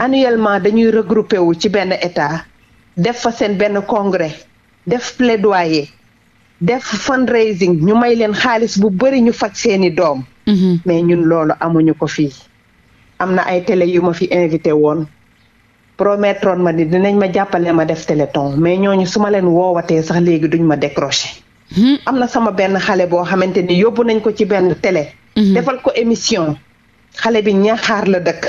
annuellement dañuy regroupé wu ci benn état def fa seen benn congrès def plaidoyer def fundraising ñu may leen xaalis bu bëri ñu faj seeni doom. Mm-hmm. mais ñun loolu amuñu ko fii am na ay télé yu ma fi invité woon promettroon ma ni dinañ ma jàppale ma def téléthon mais ñooñu su ma leen woowatee sax léegi duñ ma décroché mm-hmm. am na sama benn xale boo xamante ni yóbbu nañ ko ci benn télé mm-hmm. defal ko émission xale bi ñaxaar la dëkk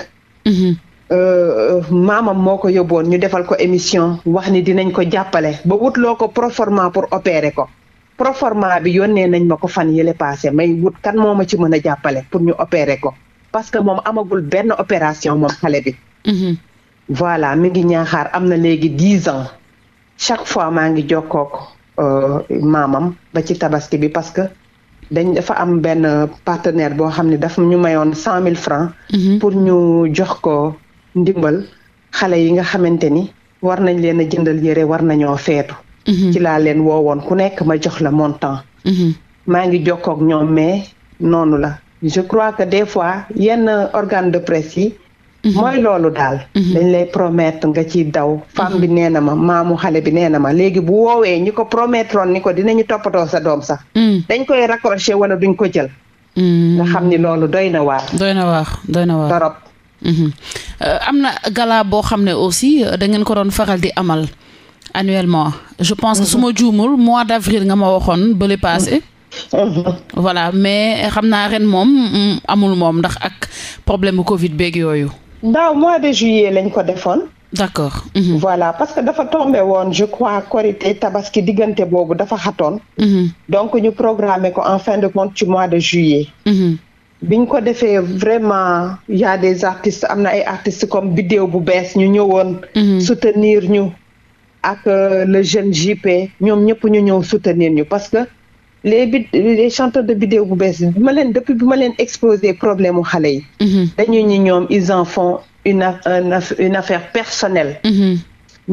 euh, euh, maamam moo ko yóbboon ñu defal ko émission wax ni dinañ ko jàppale ba wutloo ko proforma pour opérer ko proforma bi yónnee nañ ma ko fan yële passé may wut kan moo ma ci mën a jàppale pour ñu opérer ko parce que moom amagul benn opération moom xale bi. Mhm. voilà mi ngi ñaaxaar am na léegi dix ans chaque fois maa ngi jokkook euh, maamam ba ci tabaski bi parce que dañ dafa am benn partenaire boo xam ne dafa ñu mayoon cent mille francs mhm. pour ñu jox ko ndimbal xale yi nga xamante ni war nañ leen a jëndal yére war nañoo feetu. Mm-hmm. ci laa leen woowoon ku nekk ma jox la montant mm-hmm. maa ngi jokkoog ñoom mais noonu la je crois que des fois yenn organe de presse yi mm-hmm. mooy loolu daal dañ lay promettre nga ci daw femme bi nee na ma maamu xale bi nee na ma léegi bu woowee ñi ko promettroon ni ko dinañu toppatoo sa doom sax mm. dañ koy raccrocher wala duñ ko jël mm. nga xam ni loolu doy na waar doy na waar doy na waar euh, am na galaa boo xam ne aussi euh, da ngeen ko doon faral di amal annuellement je pense que su ma juumul mois d' avril nga ma waxoon bële passé voilà mais xam naa ren moom mm, amul moom ndax ak problème bu Covid beeg yooyu. daaw mois de juillet lañ ko defoon. d' accord. Mhm. voilà parce que dafa tombé woon je crois korité tabaski diggante boobu dafa xatoon. Mhm. donc ñu programmé ko en fin de compte ci mois de juillet. Mmh. biñ ko defee vraiment y des artistes am na ay artistes comme Biddéew bu bees ñu ñëwoon. Mhm. soutenir ñu. ak euh, le jeune JP ñoom ñëpp ñu ñëw soutenir ñu parce que les bi les de vidéo bu bees bi ma leen depuis bi ma leen exposé problème mu xale yi. Mm-hmm. dañuy ñi ñoom ils en font une une affaire personnelle. Mm-hmm.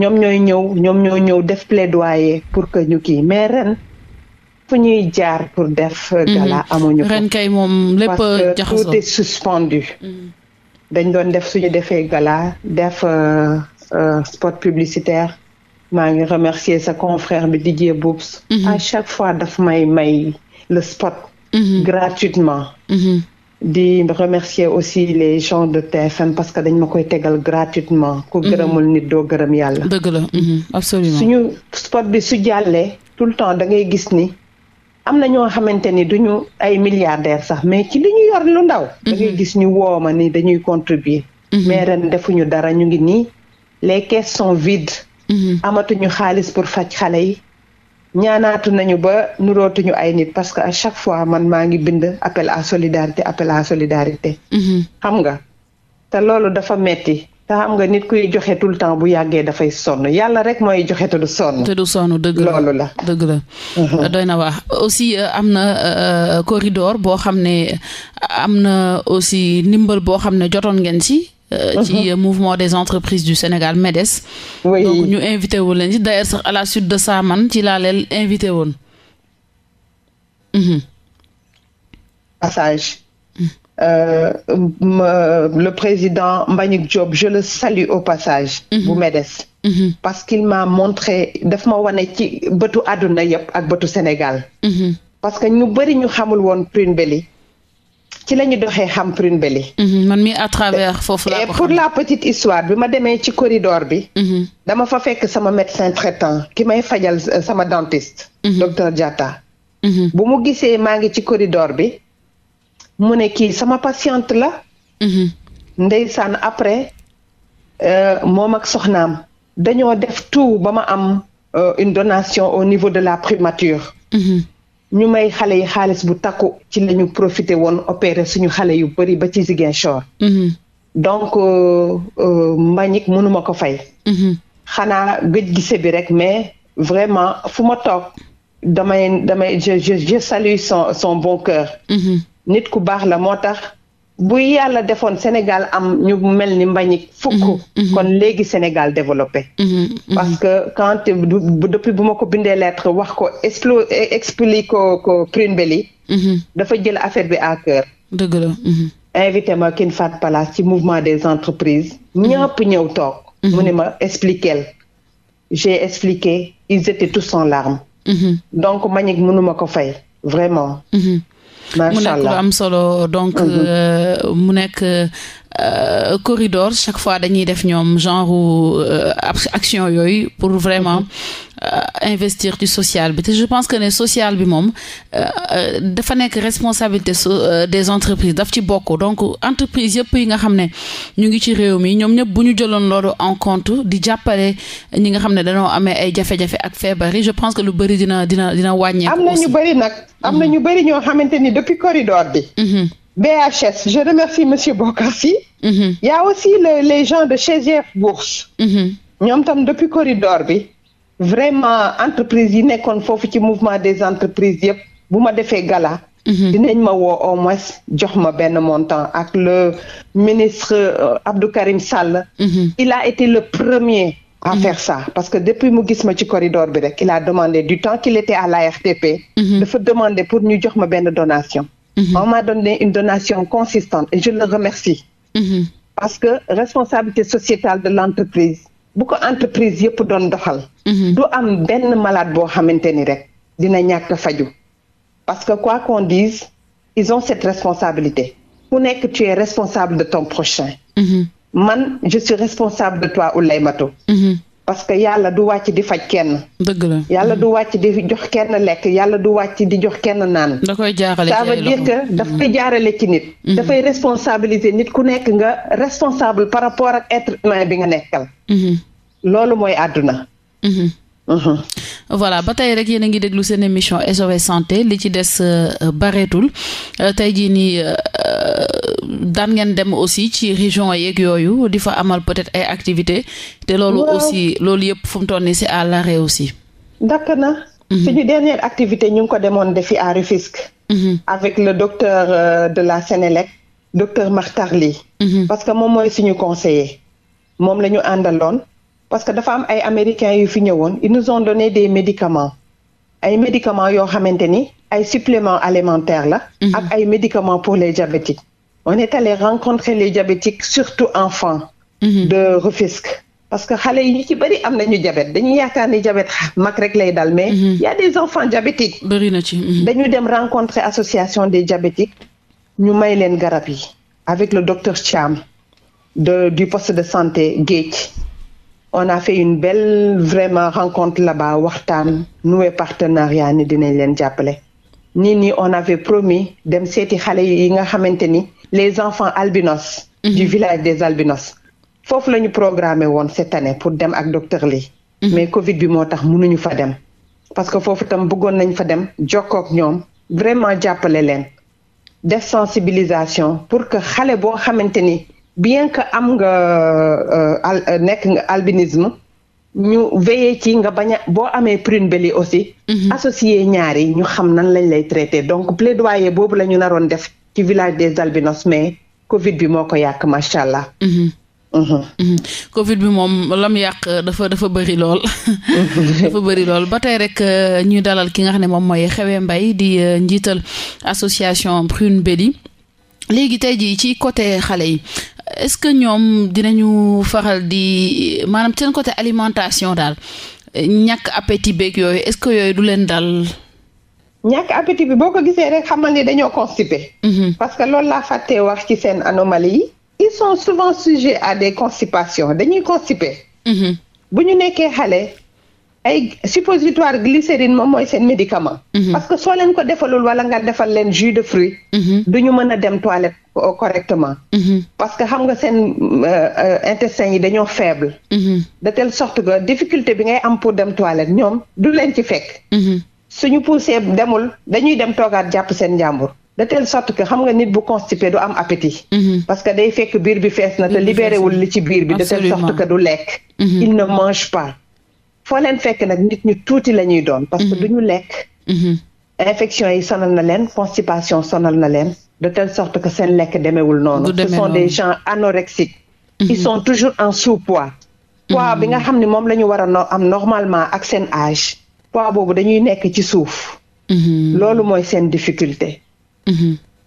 ñoom ñooy ñëw ñoom ñooy ñëw def plaidoyer pour que ñu kii mais ren fu ñuy jaar pour def. Mm-hmm. gala amuñu ko kay moom lépp jaxasoo parce que tout dañ doon def suñu defee gala def euh, euh, spot publicitaire. maa ngi remercier sa confrère bi Didier Boubs mhm. à chaque fois daf may may le spot mhm. gratuitement mhm. di remercier aussi les gens de TFM parce que dañ ma koy tegal gratuitement ku gërëmul nit doo gërëm yàlla dëgg la absolument suñu spot bi su jàllee tout le temps da ngay gis ni am na ñoo xamante ni duñu ay milliardaires sax mais ci li ñu yor lu ndaw da ngay gis ñu wooma ni dañuy contribuer mais ren defuñu dara ñu ngi nii les caisses sont Mm-hmm. amatuñu xaalis pour faj xale yi ñaanaatu nañu ba nurootuñu ay nit parce que chaque fois man maa ngi bind appel à solidarité appel à solidarité mm-hmm. xam nga te loolu dafa metti te xam nga nit kuy joxe tout le temps bu yàggee dafay sonn yàlla rek mooy joxe te du sonn. te sonn dëgg la loolu la dëgg la. Mm-hmm. na wax aussi euh, am na euh, corridor boo xam ne am na aussi ndimbal boo xam ne jotoon ngeen ci. Euh, ci mhm. mouvement des entreprises du Sénégal MEDES. oui ñu invité woon leen ci d'ailleurs sax à la suite de ça man ci laa leen invité woon. Mhm. passage. Mhm. Euh, euh, le président Mbagnick Diop je le salue au passage. Mm -hmm. bu MEDES. parce qu'il m'a montré daf ma wane ci bëtu àdduna yëpp ak bëtu Sénégal. parce que ñu bëri ñu xamul woon Prune ci la ñu doxee xam prune belly mhm, man mi à travers foofu la pour la petite histoire bi ma demee ci corridor bi. Mhm. dama fa fekk sama médecin traitant ki may fajal euh, sama dentiste. Mhm. docteur Diatta. bu mu gisee maa ngi ci corridor bi mu ne kii sama patiente la. ndeysaan après euh, moom ak soxnaam dañoo def tout ba ma am euh, une donation au niveau de la primature. ñu may xale yi xaalis bu takku ci lañu profité woon opéré suñu xale yu bëri ba ci Ziguinchor. Mhm. donc euh, euh, Mbagnick mënuma ko fay. Mhm. xanaa gëj gise bi rek mais vraiment fu ma toog damay damay je salue son son bon cœur. Mhm. nit ku baax la moo tax. bu yàlla defoon Sénégal am ñu mel ni Mbagnick fukk mhm, mhm. kon léegi Sénégal développé mhm, parce que quand depuis bu ma ko bindee leetre wax ko explo expliqué ko ko dafa jël affaire bi à cœur dëgg la invité ma King Fahd Palace ci mouvement des entreprises ñëpp ñëw toog mu ne ma expliquer j'ai expliqué ils étaient tous en larmes donc Mbagnick mënuma ko fay vraiment mu nekk lu am solo donc mhm. euh, mu nekk euh, corridor chaque fois dañuy def ñoom genre euh, action yooyu pour vraiment mhm. Euh, investir ci social bi te je pense que ne social bi moom euh, euh, dafa nekk responsabilité des entreprises daf ci bokk donc entreprise yëpp yi nga xam ne ñu ngi ci réew mi ñoom ñëpp bu ñu jëloon loolu en compte di jàppale ñi nga xam ne dañoo amee ay jafe-jafe ak feebar yi je pense que lu bëri dina dina dina wàññeeku. am na ñu bëri ñu mhm. bëri ñoo xamante ni depuis corridor bi. Mhm. BHS je remercie monsieur Bokassi. Mhm. y a aussi les les gens de chez GF Bourse. ñoom tam depuis corridor bi. vraiment entreprise yi nekkoon foofu ci mouvement des entreprises yëpp bu ma defee gala. Mhm. dinañ ma woo au moins jox ma benn montant ak le ministre euh, Abdou Karim Sall. Mhm. il a été le premier. à mm -hmm. faire ça parce que depuis mu gis ma ci corridor bi rek il a demandé du temps qu'il était à la mhm. dafa mm -hmm. demander pour ñu jox ma benn donation mm -hmm. on m'a donné une donation consistante et je le remercie parce que responsabilité sociétale de l'entreprise bu ko entreprise yëpp doon doxal. Mhm. du am benn malade boo xamante ni rek dina ñàkk faju parce que quoi qu'on dise ils ont cette responsabilité. ku nekk tu es responsable de ton prochain. Mhm. man je suis responsable de toi Ouleye Mato. Mhm. parce que yàlla du wàcc di faj kenn. dëgg la yàlla du wàcc di jox kenn lekk yàlla du wàcc di jox kenn naan. da koy jaarale ça veut dire que koy mm-hmm. jaarale ci nit. Mm-hmm. dafay responsabiliser nit ku nekk nga responsable par rapport ak être humain bi nga nekkal. Mm-hmm. loolu mooy àdduna. voilà ba tey rek yéen a ngi déglu seen émission SOS santé li ci des euh, euh, bareetul euh, tey jii nii daan ngeen dem aussi ci région yeeg yooyu di fa amal peut-être ay activités te loolu aussi loolu yëpp fu mu ni nii c'est à l'arrêt aussi. dakk na. Mhm. ñu dernière activité ñu ngi ko demoon defi à Rufisque. Mhm. avec le docteur de la Sénélec docteur Makhtar Ly. Mhm. parce que moom mooy suñu conseiller moom la ñu àndaloon. parce que dafa am ay américains yu fi woon ils nous ont donné des médicaments ay médicaments yoo xamante ni ay suppléments alimentaires la. Mhm. ak ay médicaments pour les diabétiques. on est allé rencontrer les diabétiques surtout enfants. Mhm. de Rufisque. parce que xale yi ñu ci bëri am nañu diabète dañuy yaakaar ni diabète mag rek lay dal mais. Mhm. y a des enfants diabétiques. na ci. dañu dem rencontrer association des diabétiques ñu may leen garab yi. avec le docteur Thiam de du poste de santé Géej on a fait une belle vraiment rencontre là-bas waxtaan nouer partenariat ni dinañ leen jàppale ni nii on avait promis dem seeti xale yi nga xamante ni les enfants albinos mhm. du village des albinos foofu la ñu programmé woon cette année pour dem ak docteur li mhm. mais covid bi moo tax mënuñu fa dem parce que foofu tam bëggoon nañ fa dem jokkook ñoom vraiment jàppale leen def sensibilisation pour que xale boo xamante ni bien que am nga euh, euh, nekk nga albinisme ñu veye ci nga bañ boo amee prune belly aussi. Mhm. associé ñaar yi ñu xam nan lañ lay traité donc plaidoyer boobu la ñu naroon def ci village des albinos mais Covid bi moo ko yàq macha allah. Mhm. Mhm. Covid bi moom lam yàq dafa dafa bëri lool. bëri lool ba tey rek euh, ñu dalal ki nga xam ne moom mooy Xewe Mbaye di njiital association prune belly léegi tey ji ci côté xale yi est-ce que ñoom dinañu faral di maanaam seen côté alimentation daal ñàkk appétit beek yooyu est-ce que yooyu du leen dal. ñàkk appétit bi boo ko gisee rek xamal ni dañoo constipé. Mhm. parce que loolu la fàttee wax ci seen anomalie yi. ils sont souvent sujets à des constipations dañuy constipé. Mhm. bu ñu nekkee xale. ay suppositoire glycérine moom mooy seen médicament. Mhm. parce que soo leen ko defalul wala nga defal leen jus de fruit. Mhm. du ñu mën a dem toilette correctement. Mhm. parce que xam nga seen euh, euh, intestin yi dañoo faible. de telle sorte que difficulté bi ngay am pour dem toilette ñoom du leen ci fekk. suñu poussé demul dañuy dem toogaat jàpp seen jàmbur. de telle sorte que xam nga nit bu constipé du am appétit. parce que day fekk biir bi fees na te libéré wul li ci bi. foo leen fekk nag nit ñu tuuti la ñuy doon parce que mhm. du ñu lekk mhm. infection yi sonal na leen constipation sonal na leen de tell sorte que seen lekk demewul noonu ce sont des gens anorexiques mhm. ils sont toujours en sous-poids poids bi nga xam ne moom la ñu war a am normalement ak seen âge poids boobu dañuy nekk ci suuf loolu mooy seen difficulté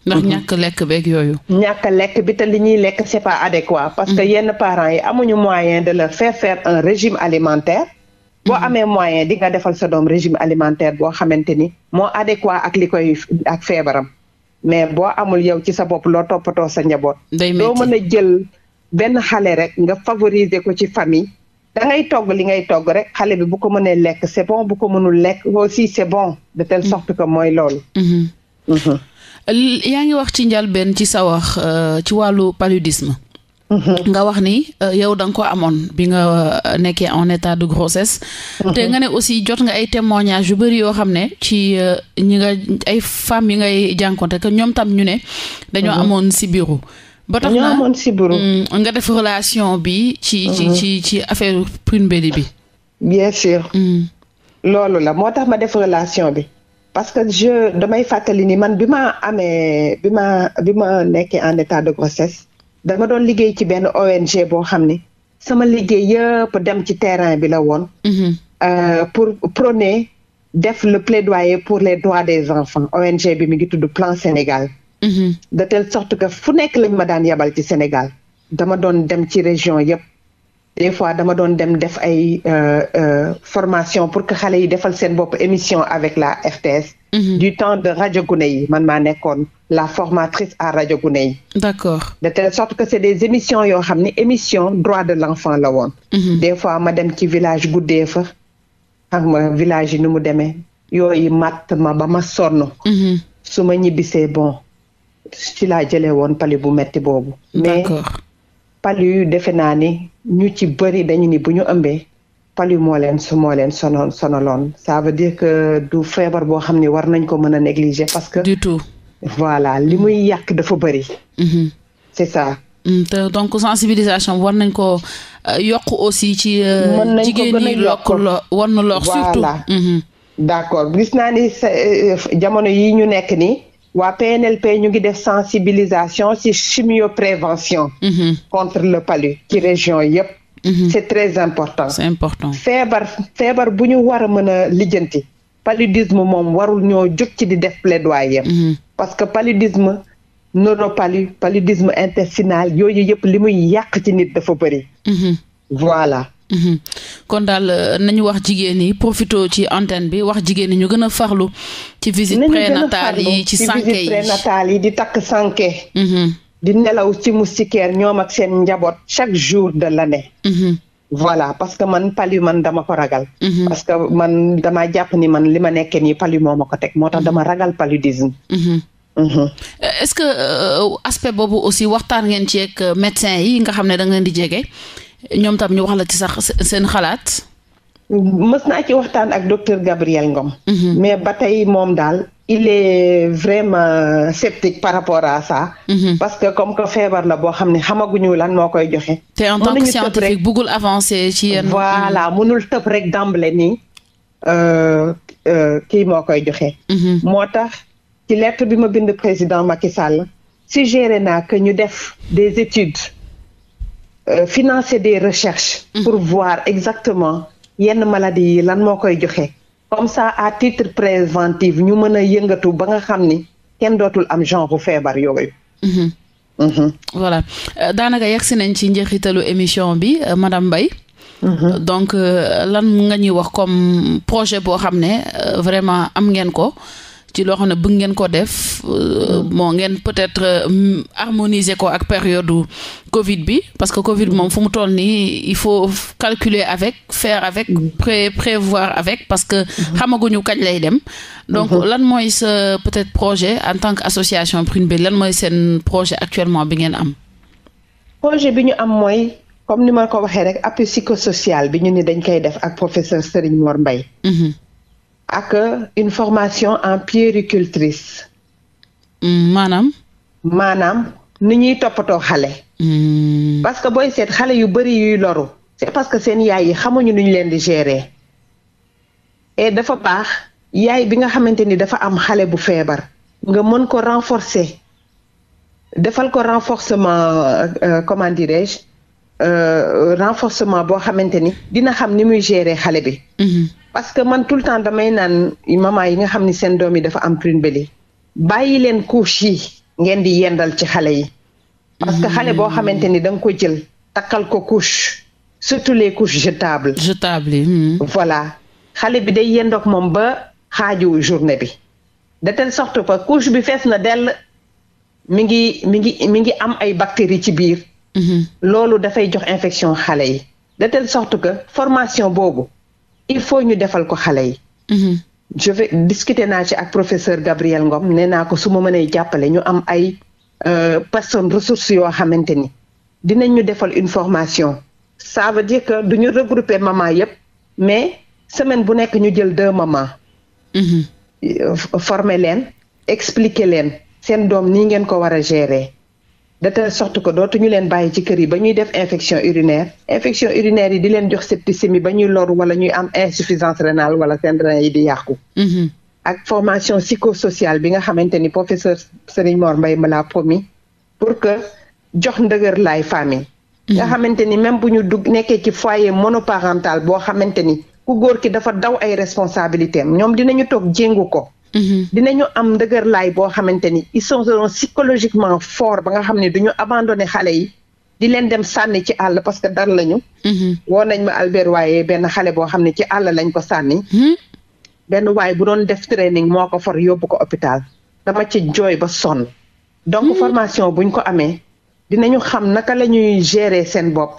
ndax ñàkk lekk beeg yooyu ñàkk lekk bi te li ñuy lekk c'est pas adéquat parce que yenn parent yi amuñu moyen de leur faire un régime alimentaire boo amee moyen di nga defal sa doom régime alimentaire boo xamante ni moo adéquat ak li koy ak feebaram mais boo amul yow ci sa bopp loo toppatoo sa njaboot. doo mën a jël benn xale rek nga favoriser ko ci famille. da ngay togg li ngay togg rek xale bi bu ko mënee lekk sebon bon bu ko mënul lekk aussi c'est bon tel telle mm-hmm. sorte mooy loolu. Mm-hmm. Mm-hmm. yaa ngi wax ci njalbeen ci sa wax euh, ci wàllu paludisme. Mhm. nga wax ni euh, yow da ko amoon bi nga euh, nekkee en état de grossesse. Mhm. te nga ne aussi jot nga ay témoignages yu bëri yoo xam ne ci euh, ñi nga ay femmes yi ngay jànkonte que ñoom tam ñu ne. dañoo mhm. amoon sibiru. ba tax na mm, nga def relation bi. ci ci ci affaire prune belly bi. Mm. loolu la moo tax ma def relation bi. parce que je damay fàttali ni man bi ma amee bi ma bi ma nekkee en état de grossesse. dama doon liggéey ci benn ONG boo xam ne sama liggéey yëpp dem ci terrain bi la woon. Mhm. Euh, pour prôner def le plaidoyer pour les droits des enfants ONG bi mi ngi tudd Plan Sénégal. Mhm. de telle sorte que fu nekk lañ ma daan yabal ci Sénégal dama doon dem ci région yëpp. des fois dama doon dem def ay euh, euh, formation pour que xale yi defal seen bopp émission avec la RTS. Mhm. du temps de rajo gune yi man maa nekkoon la formatrice à rajo gune yi. d'accord de telle sorte que c'est des émissions yoo xam ne émission droit de l'enfant la woon. Mhm. des fois ma dem ci village guddee fa xam village yi ni mu demee yooyu matt ma ba ma sonn. Mhm. suma ma ñibbisee bon ci laa jëlee woon pali bu metti boobu. mais pali yu defe naa ni ñu ci bëri dañu ni bu ñu ëmbee. palu moo leen su moo leen sono sonaloon ça veut dire que du feebar boo xam ne war nañ ko mën a négliger parce que du tout voilà li muy yàq dafa bëri mm-hmm. c'est ça mm, donc sensibilisation war nañ ko euh, yokk aussi ci euh, jigéen ñi lokk lo war na surtout mm-hmm. d'accord gis naa ni euh, jamono yi ñu nekk ni waa PNLP ñu ngi def sensibilisation ci prévention mm-hmm. contre le palu ci région yëpp Mhm. c'est très important. c'est feebar feebar bu ñu war a mën a lijjanti. paludisme moom warul ñoo jóg ci di def plaidoyer. Mhm. parce que paludisme neuropalu paludisme intestinal yooyu yëpp li muy yàq ci nit dafa bëri. Mhm. voilà. kon daal euh, nañu wax jigéen ñi profité ci antenne bi wax jigéen ñi ñu gën a farlu. ci visite prénatale yi ci yi ci di takk sanke. di nelaw ci moustiquaire ñoom ak seen njaboot chaque jour de l'année mhm. voilà parce que man palu man dama ko ragal mhm. parce que man dama jàpp ni man li ma nekkee nii palu moo ma ko teg moo tax dama ragal des mhm. euh, est-ce que euh, aspect boobu aussi waxtaan ngeen ci ak euh, médecin yi nga xam ne da ngeen di jege ñoom tam ñu wax la ci sax seen xalaat mës naa ci waxtaan ak docteur Gabriel Ngom. Mhm. mais ba tey moom daal il est vraiment sceptique par rapport à ça. Mhm. parce que comme que feebar la boo xam ne xamaguñu lan moo koy joxe. te en tant scientifique bëggul avancé ci yenn. voilà mënul tëb rek d'emblée nii euh, euh, kii moo koy joxe. Mhm. moo tax ci lettre bi ma bind président Macky Sall suggéré naa que ñu def des études euh, des recherches. pour voir exactement. yenn maladie yi lan moo koy joxe comme ça à titre préventif ñu mën a yëngatu ba nga xam ni kenn dootul am genre feebar yooyu. Mhm. Mhm. voilà euh, daanaka yegsi nañ ci njeexitalu émission bi euh, madame mbay mhm. donc euh, lan nga ñuy wax comme projet boo xam ne vraiment am ngeen ko. ci loo xam ne bëgg ngeen ko def euh, moo mm. ngeen peut-être euh, harmoniser ko ak période Covid bi parce que Covid mm. moom fu mu toll nii il faut calculer avec faire avec mm. pré prévoir avec parce que mm-hmm. xamaguñu kañ lay dem donc mm-hmm. lan mooy sa peut-être projet en tant que association Prune bi lan mooy seen projet actuellement bi ngeen am projet bi ñu am mooy comme ni ma ko waxee rek appui psychosocial bi ñu ni dañ koy def ak professeur Serigne Mor mbay mm-hmm. ak une formation en puéricultrice. Mm, maanaam. maanaam ni ñuy toppatoo xale. Mm. parce que booy seet xale yu bari yuy loru. c'est parce que seen yaay yi xamuñu nu ñu leen di gérer. et dafa baax yaay bi nga xamante ni dafa am xale bu feebar. nga mën ko renforcer. defal ko renforcement euh, euh comment dirais-je euh, euh, renforcement boo xamante ni dina xam ni muy gérer xale bi. Mm-hmm. parce que man tout le temps damay naan maman yi nga xam ni seen doom yi dafa am prune belly bàyyi leen couche yi ngeen di yendal ci xale yi. parce que xale boo xamante ni da nga ko jël takkal ko couche surtout les couche jetables. jetables yi. Hmm. voilà xale bi day yendoog moom ba xaaju journée bi de telle sorte que couche bi fees na dell mi ngi mi ngi mi ngi am ay bactéries ci biir. Hmm. loolu dafay jox infection xale yi de telle sorte que formation boobu. il faut ñu defal ko xale yi. Mm-hmm. je vais discuter naa ci ak professeur Gabriel Ngom nee naa ko su ma mënee jàppale ñu am ay euh, personnes ressources yoo xamante ni dinañ ñu defal une formation ça veut dire que du ñu regrouper maman yëpp mais semaine bu nekk ñu jël deux mamans. Mm-hmm. Euh, former leen expliquer leen seen doom ni ngeen ko war a gérer de telle sorte que dootuñu leen bàyyi ci kër yi ba ñuy def infection urinaire infection urinaire yi di leen jox septicémie ba ñuy lor wala ñuy am insuffisance rénale wala seen rein yi di yàqu. Mm-hmm. ak formation psychosociale bi nga xamante ni professeur Serigne Mor Mbaye ma la promis pour que jox ndëgër laay famille. Mm-hmm. nga xamante ni même bu ñu dugg nekkee ci foyer monoparental boo xamante ni ku góor ki dafa daw ay responsabilités am ñoom dinañu toog jéngu ko. Mm-hmm. dinañu am ndëgër laay boo xamante ni ils sont psychologiquement foor ba nga xam ne duñu abandonné xale yi di leen dem sànni ci àll parce que dar lañu. Mm-hmm. woo nañ ma Albert waaye benn xale boo xam ne ci àll lañ ko sànni. Mm-hmm. benn waay bu doon def training moo ko for yóbbu ko hôpital. dama ci jooy ba sonn. donc formation buñ ko amee. dinañu xam naka la ñuy gérer seen bopp.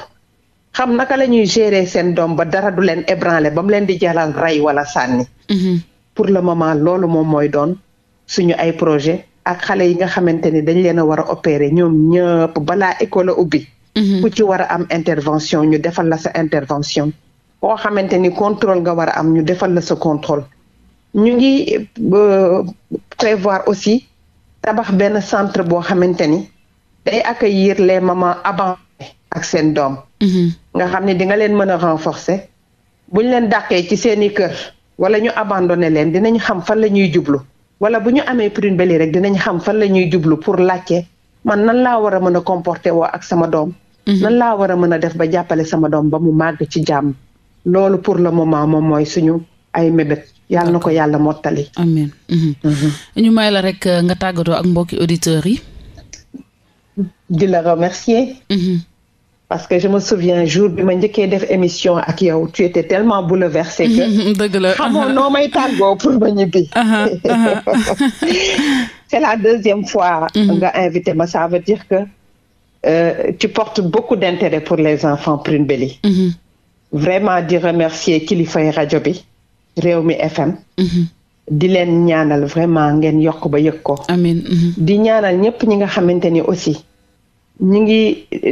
xam naka la ñuy gérer seen doom ba dara du leen ébranler ba mu leen di jaral rey wala sànni. pour le moment loolu moom mooy doon suñu ay projet ak xale yi nga xamante ni dañ leen a war a opérer ñoom ñëpp balaa école a ubbi. Mhm. ku ci war a am intervention ñu defal la sa intervention. koo xamante ni contrôle nga war a am ñu defal la sa contrôle. ñu ngi euh, prévoir aussi tabax benn centre boo xamante ni day accueillir les mamans abandonnées ak seen doom. Mhm. nga xam ne dinga leen mën a renforcer. buñ leen dàqee ci seeni kër. wala ñu abandonné leen dinañ xam fan la ñuy jublu wala bu ñu amee prune belly rek dinañ xam fan la ñuy jublu pour laajte man nan laa war a mën a comporté woo ak sama doom. Mhm. nan laa war a mën a def ba jàppale sama doom ba mu màgg ci jàmm. loolu pour le moment moom mooy suñu ay mébét. yàlla na ko yàlla mottali. amiin. Mhm. Mhm. ñu may la rek euh, nga tàggatoo ak mbokki auditeurs yi. di la remercier. parce que je me souviens jour bi ma njëkkee def émission ak yow tu étais tellement bouleversé que. la deuxième fois. Mhm. nga invité ma ça dire que euh, tu portes beaucoup d'intérêt pour les enfants Prune Belly. Mhm. vraiment di remercier kilifay rajo bi Rewmi FM. Mhm. di leen ñaanal vraiment ngeen yokk ba yëg ko. di ñaanal ñëpp ñi nga xamante aussi. ñi ngi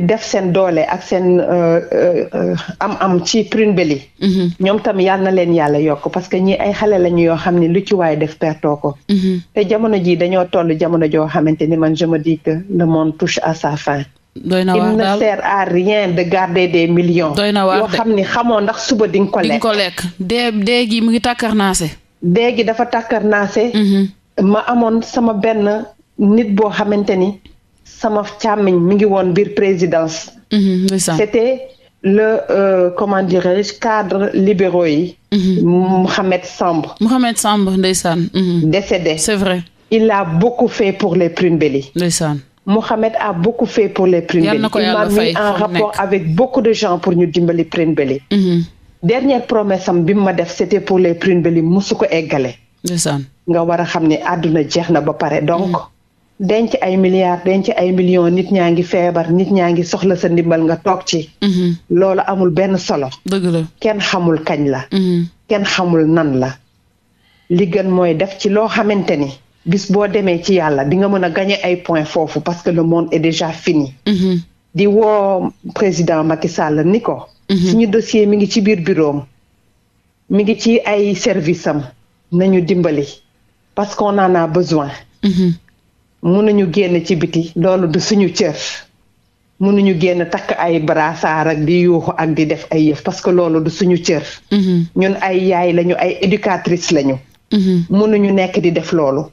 def seen doole ak seen euh, euh, euh, am-am ci Prune Belly mm-hmm. ñoom tam yal na leen yàlla yokk parce que ñi ay xale lañu yoo xam ne lu ci waaye def pertoo ko. Mm-hmm. te jamono jii dañoo toll jamono joo xamante ni man je me dis que le monde touche à sa fin. doy na waar daal rien de garder des millions. na waar yoo xam ni xamoo ndax suba di nga ko lekk mu ngi tàkkar naase. dee gi dafa tàkkar naase. Mm-hmm. ma amoon sama benn nit boo xamante ni. sama càmmiñ mi ngi woon mbir présidence. Mhm, c'était le euh, comment dirais cadre libéraux yi. Mhm. Mohamed Samb. Mohamed Samb ndeysaan. Mhm. décédé c'est vrai. il a beaucoup fait pour les Primbéli. ndeysaan. Mohamed a beaucoup fait pour les Primbéli. il m'a mis en rapport avec beaucoup de gens pour ñu dimbali Primbéli. dernière promesse am bi mu ma def c'était pour les Primbéli musu ko eggale. ndeysaan. nga war a xam ne àdduna jeex na ba pare donc. denc ay milliards denc ay millions nit ñaa ngi feebar nit ñaa ngi soxla sa ndimbal nga toog ci. Mhm. loolu amul benn solo. dëgg kenn xamul kañ la. Mhm. kenn xamul nan la. li gën mooy def ci loo xamante ni. bis boo demee ci yàlla bi nga mën a gagner ay points foofu parce que le monde est déjà fini. Mhm. di woo président Macky Sall ni ko. suñu dossier mi ngi ci biir bureau mi ngi ci ay service am nañu dimbali parce que en a besoin. ñu génn ci biti loolu du suñu cër mënuñu génn takk ay brassard ak di yuuxu ak di def ay yëf parce que loolu du suñu cër mm-hmm. ñun ay yaay lañu ay éducatrice lañu mënuñu mm-hmm. nekk di def loolu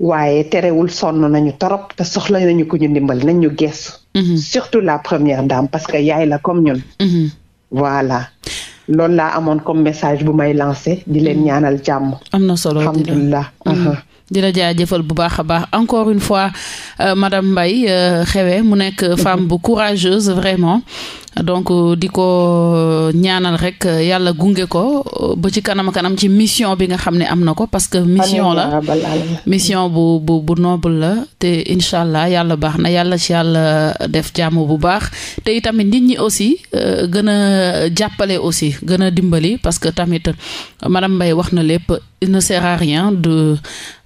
waaye terewul sonn nañu torop te soxla nañu ku ñu ndimbal nañ ñu gees mm-hmm. surtout la première daam parce que yaay la comme ñun voilà loolu laa amoon comme message bu may lancé di leen mm. ñaanal jàmm. am na solo alhamdulilah. Mm. di la jaajëfal bu baax a baax encore une fois euh, madame Mbaye euh, Khewe mu nekk euh, femme mhm. bu courageuse vraiment. donc euh, di ko euh, ñaanal rek euh, yàlla gunge ko ba ci kanam kanam ci mission bi nga xam ne am na ko parce que mission la mission bu bu bu noble la te incha allah yàlla baax na yàlla ci yàlla def jàmm bu baax te itamit nit ñi aussi gën a jàppale aussi gën a dimbali parce que tamit madame mbay wax na lépp il ne sert à rien de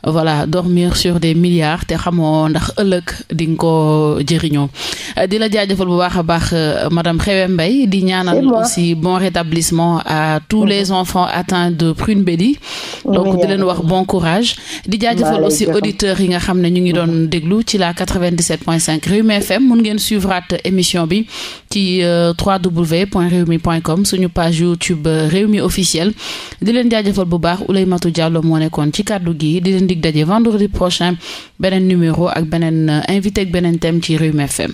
voilà dormir sur des milliards te xamoo ndax ëllëg di nga ko jëriñoo di la jaajëfal bu baax a baax euh, madame Xewe mbay di ñaanal aussi bon rétablissement à tous les enfants atteints de Prune-Béli donc di leen wax bon courage di jaajëfal aussi auditeurs yi nga xam ne ñu ngi doon mm-hmm. déglu ci la 97.5 Rewmi FM mun ngeen suivraat émission bi ci euh, w suñu page YouTube euh, Rewmi officiel di leen jaajëfal bu baax Fatou Diallo moo nekkoon ci kàddu gi di leen dig daje vendredi prochain beneen numéro ak beneen euh, invité ak beneen thème ci Rewmi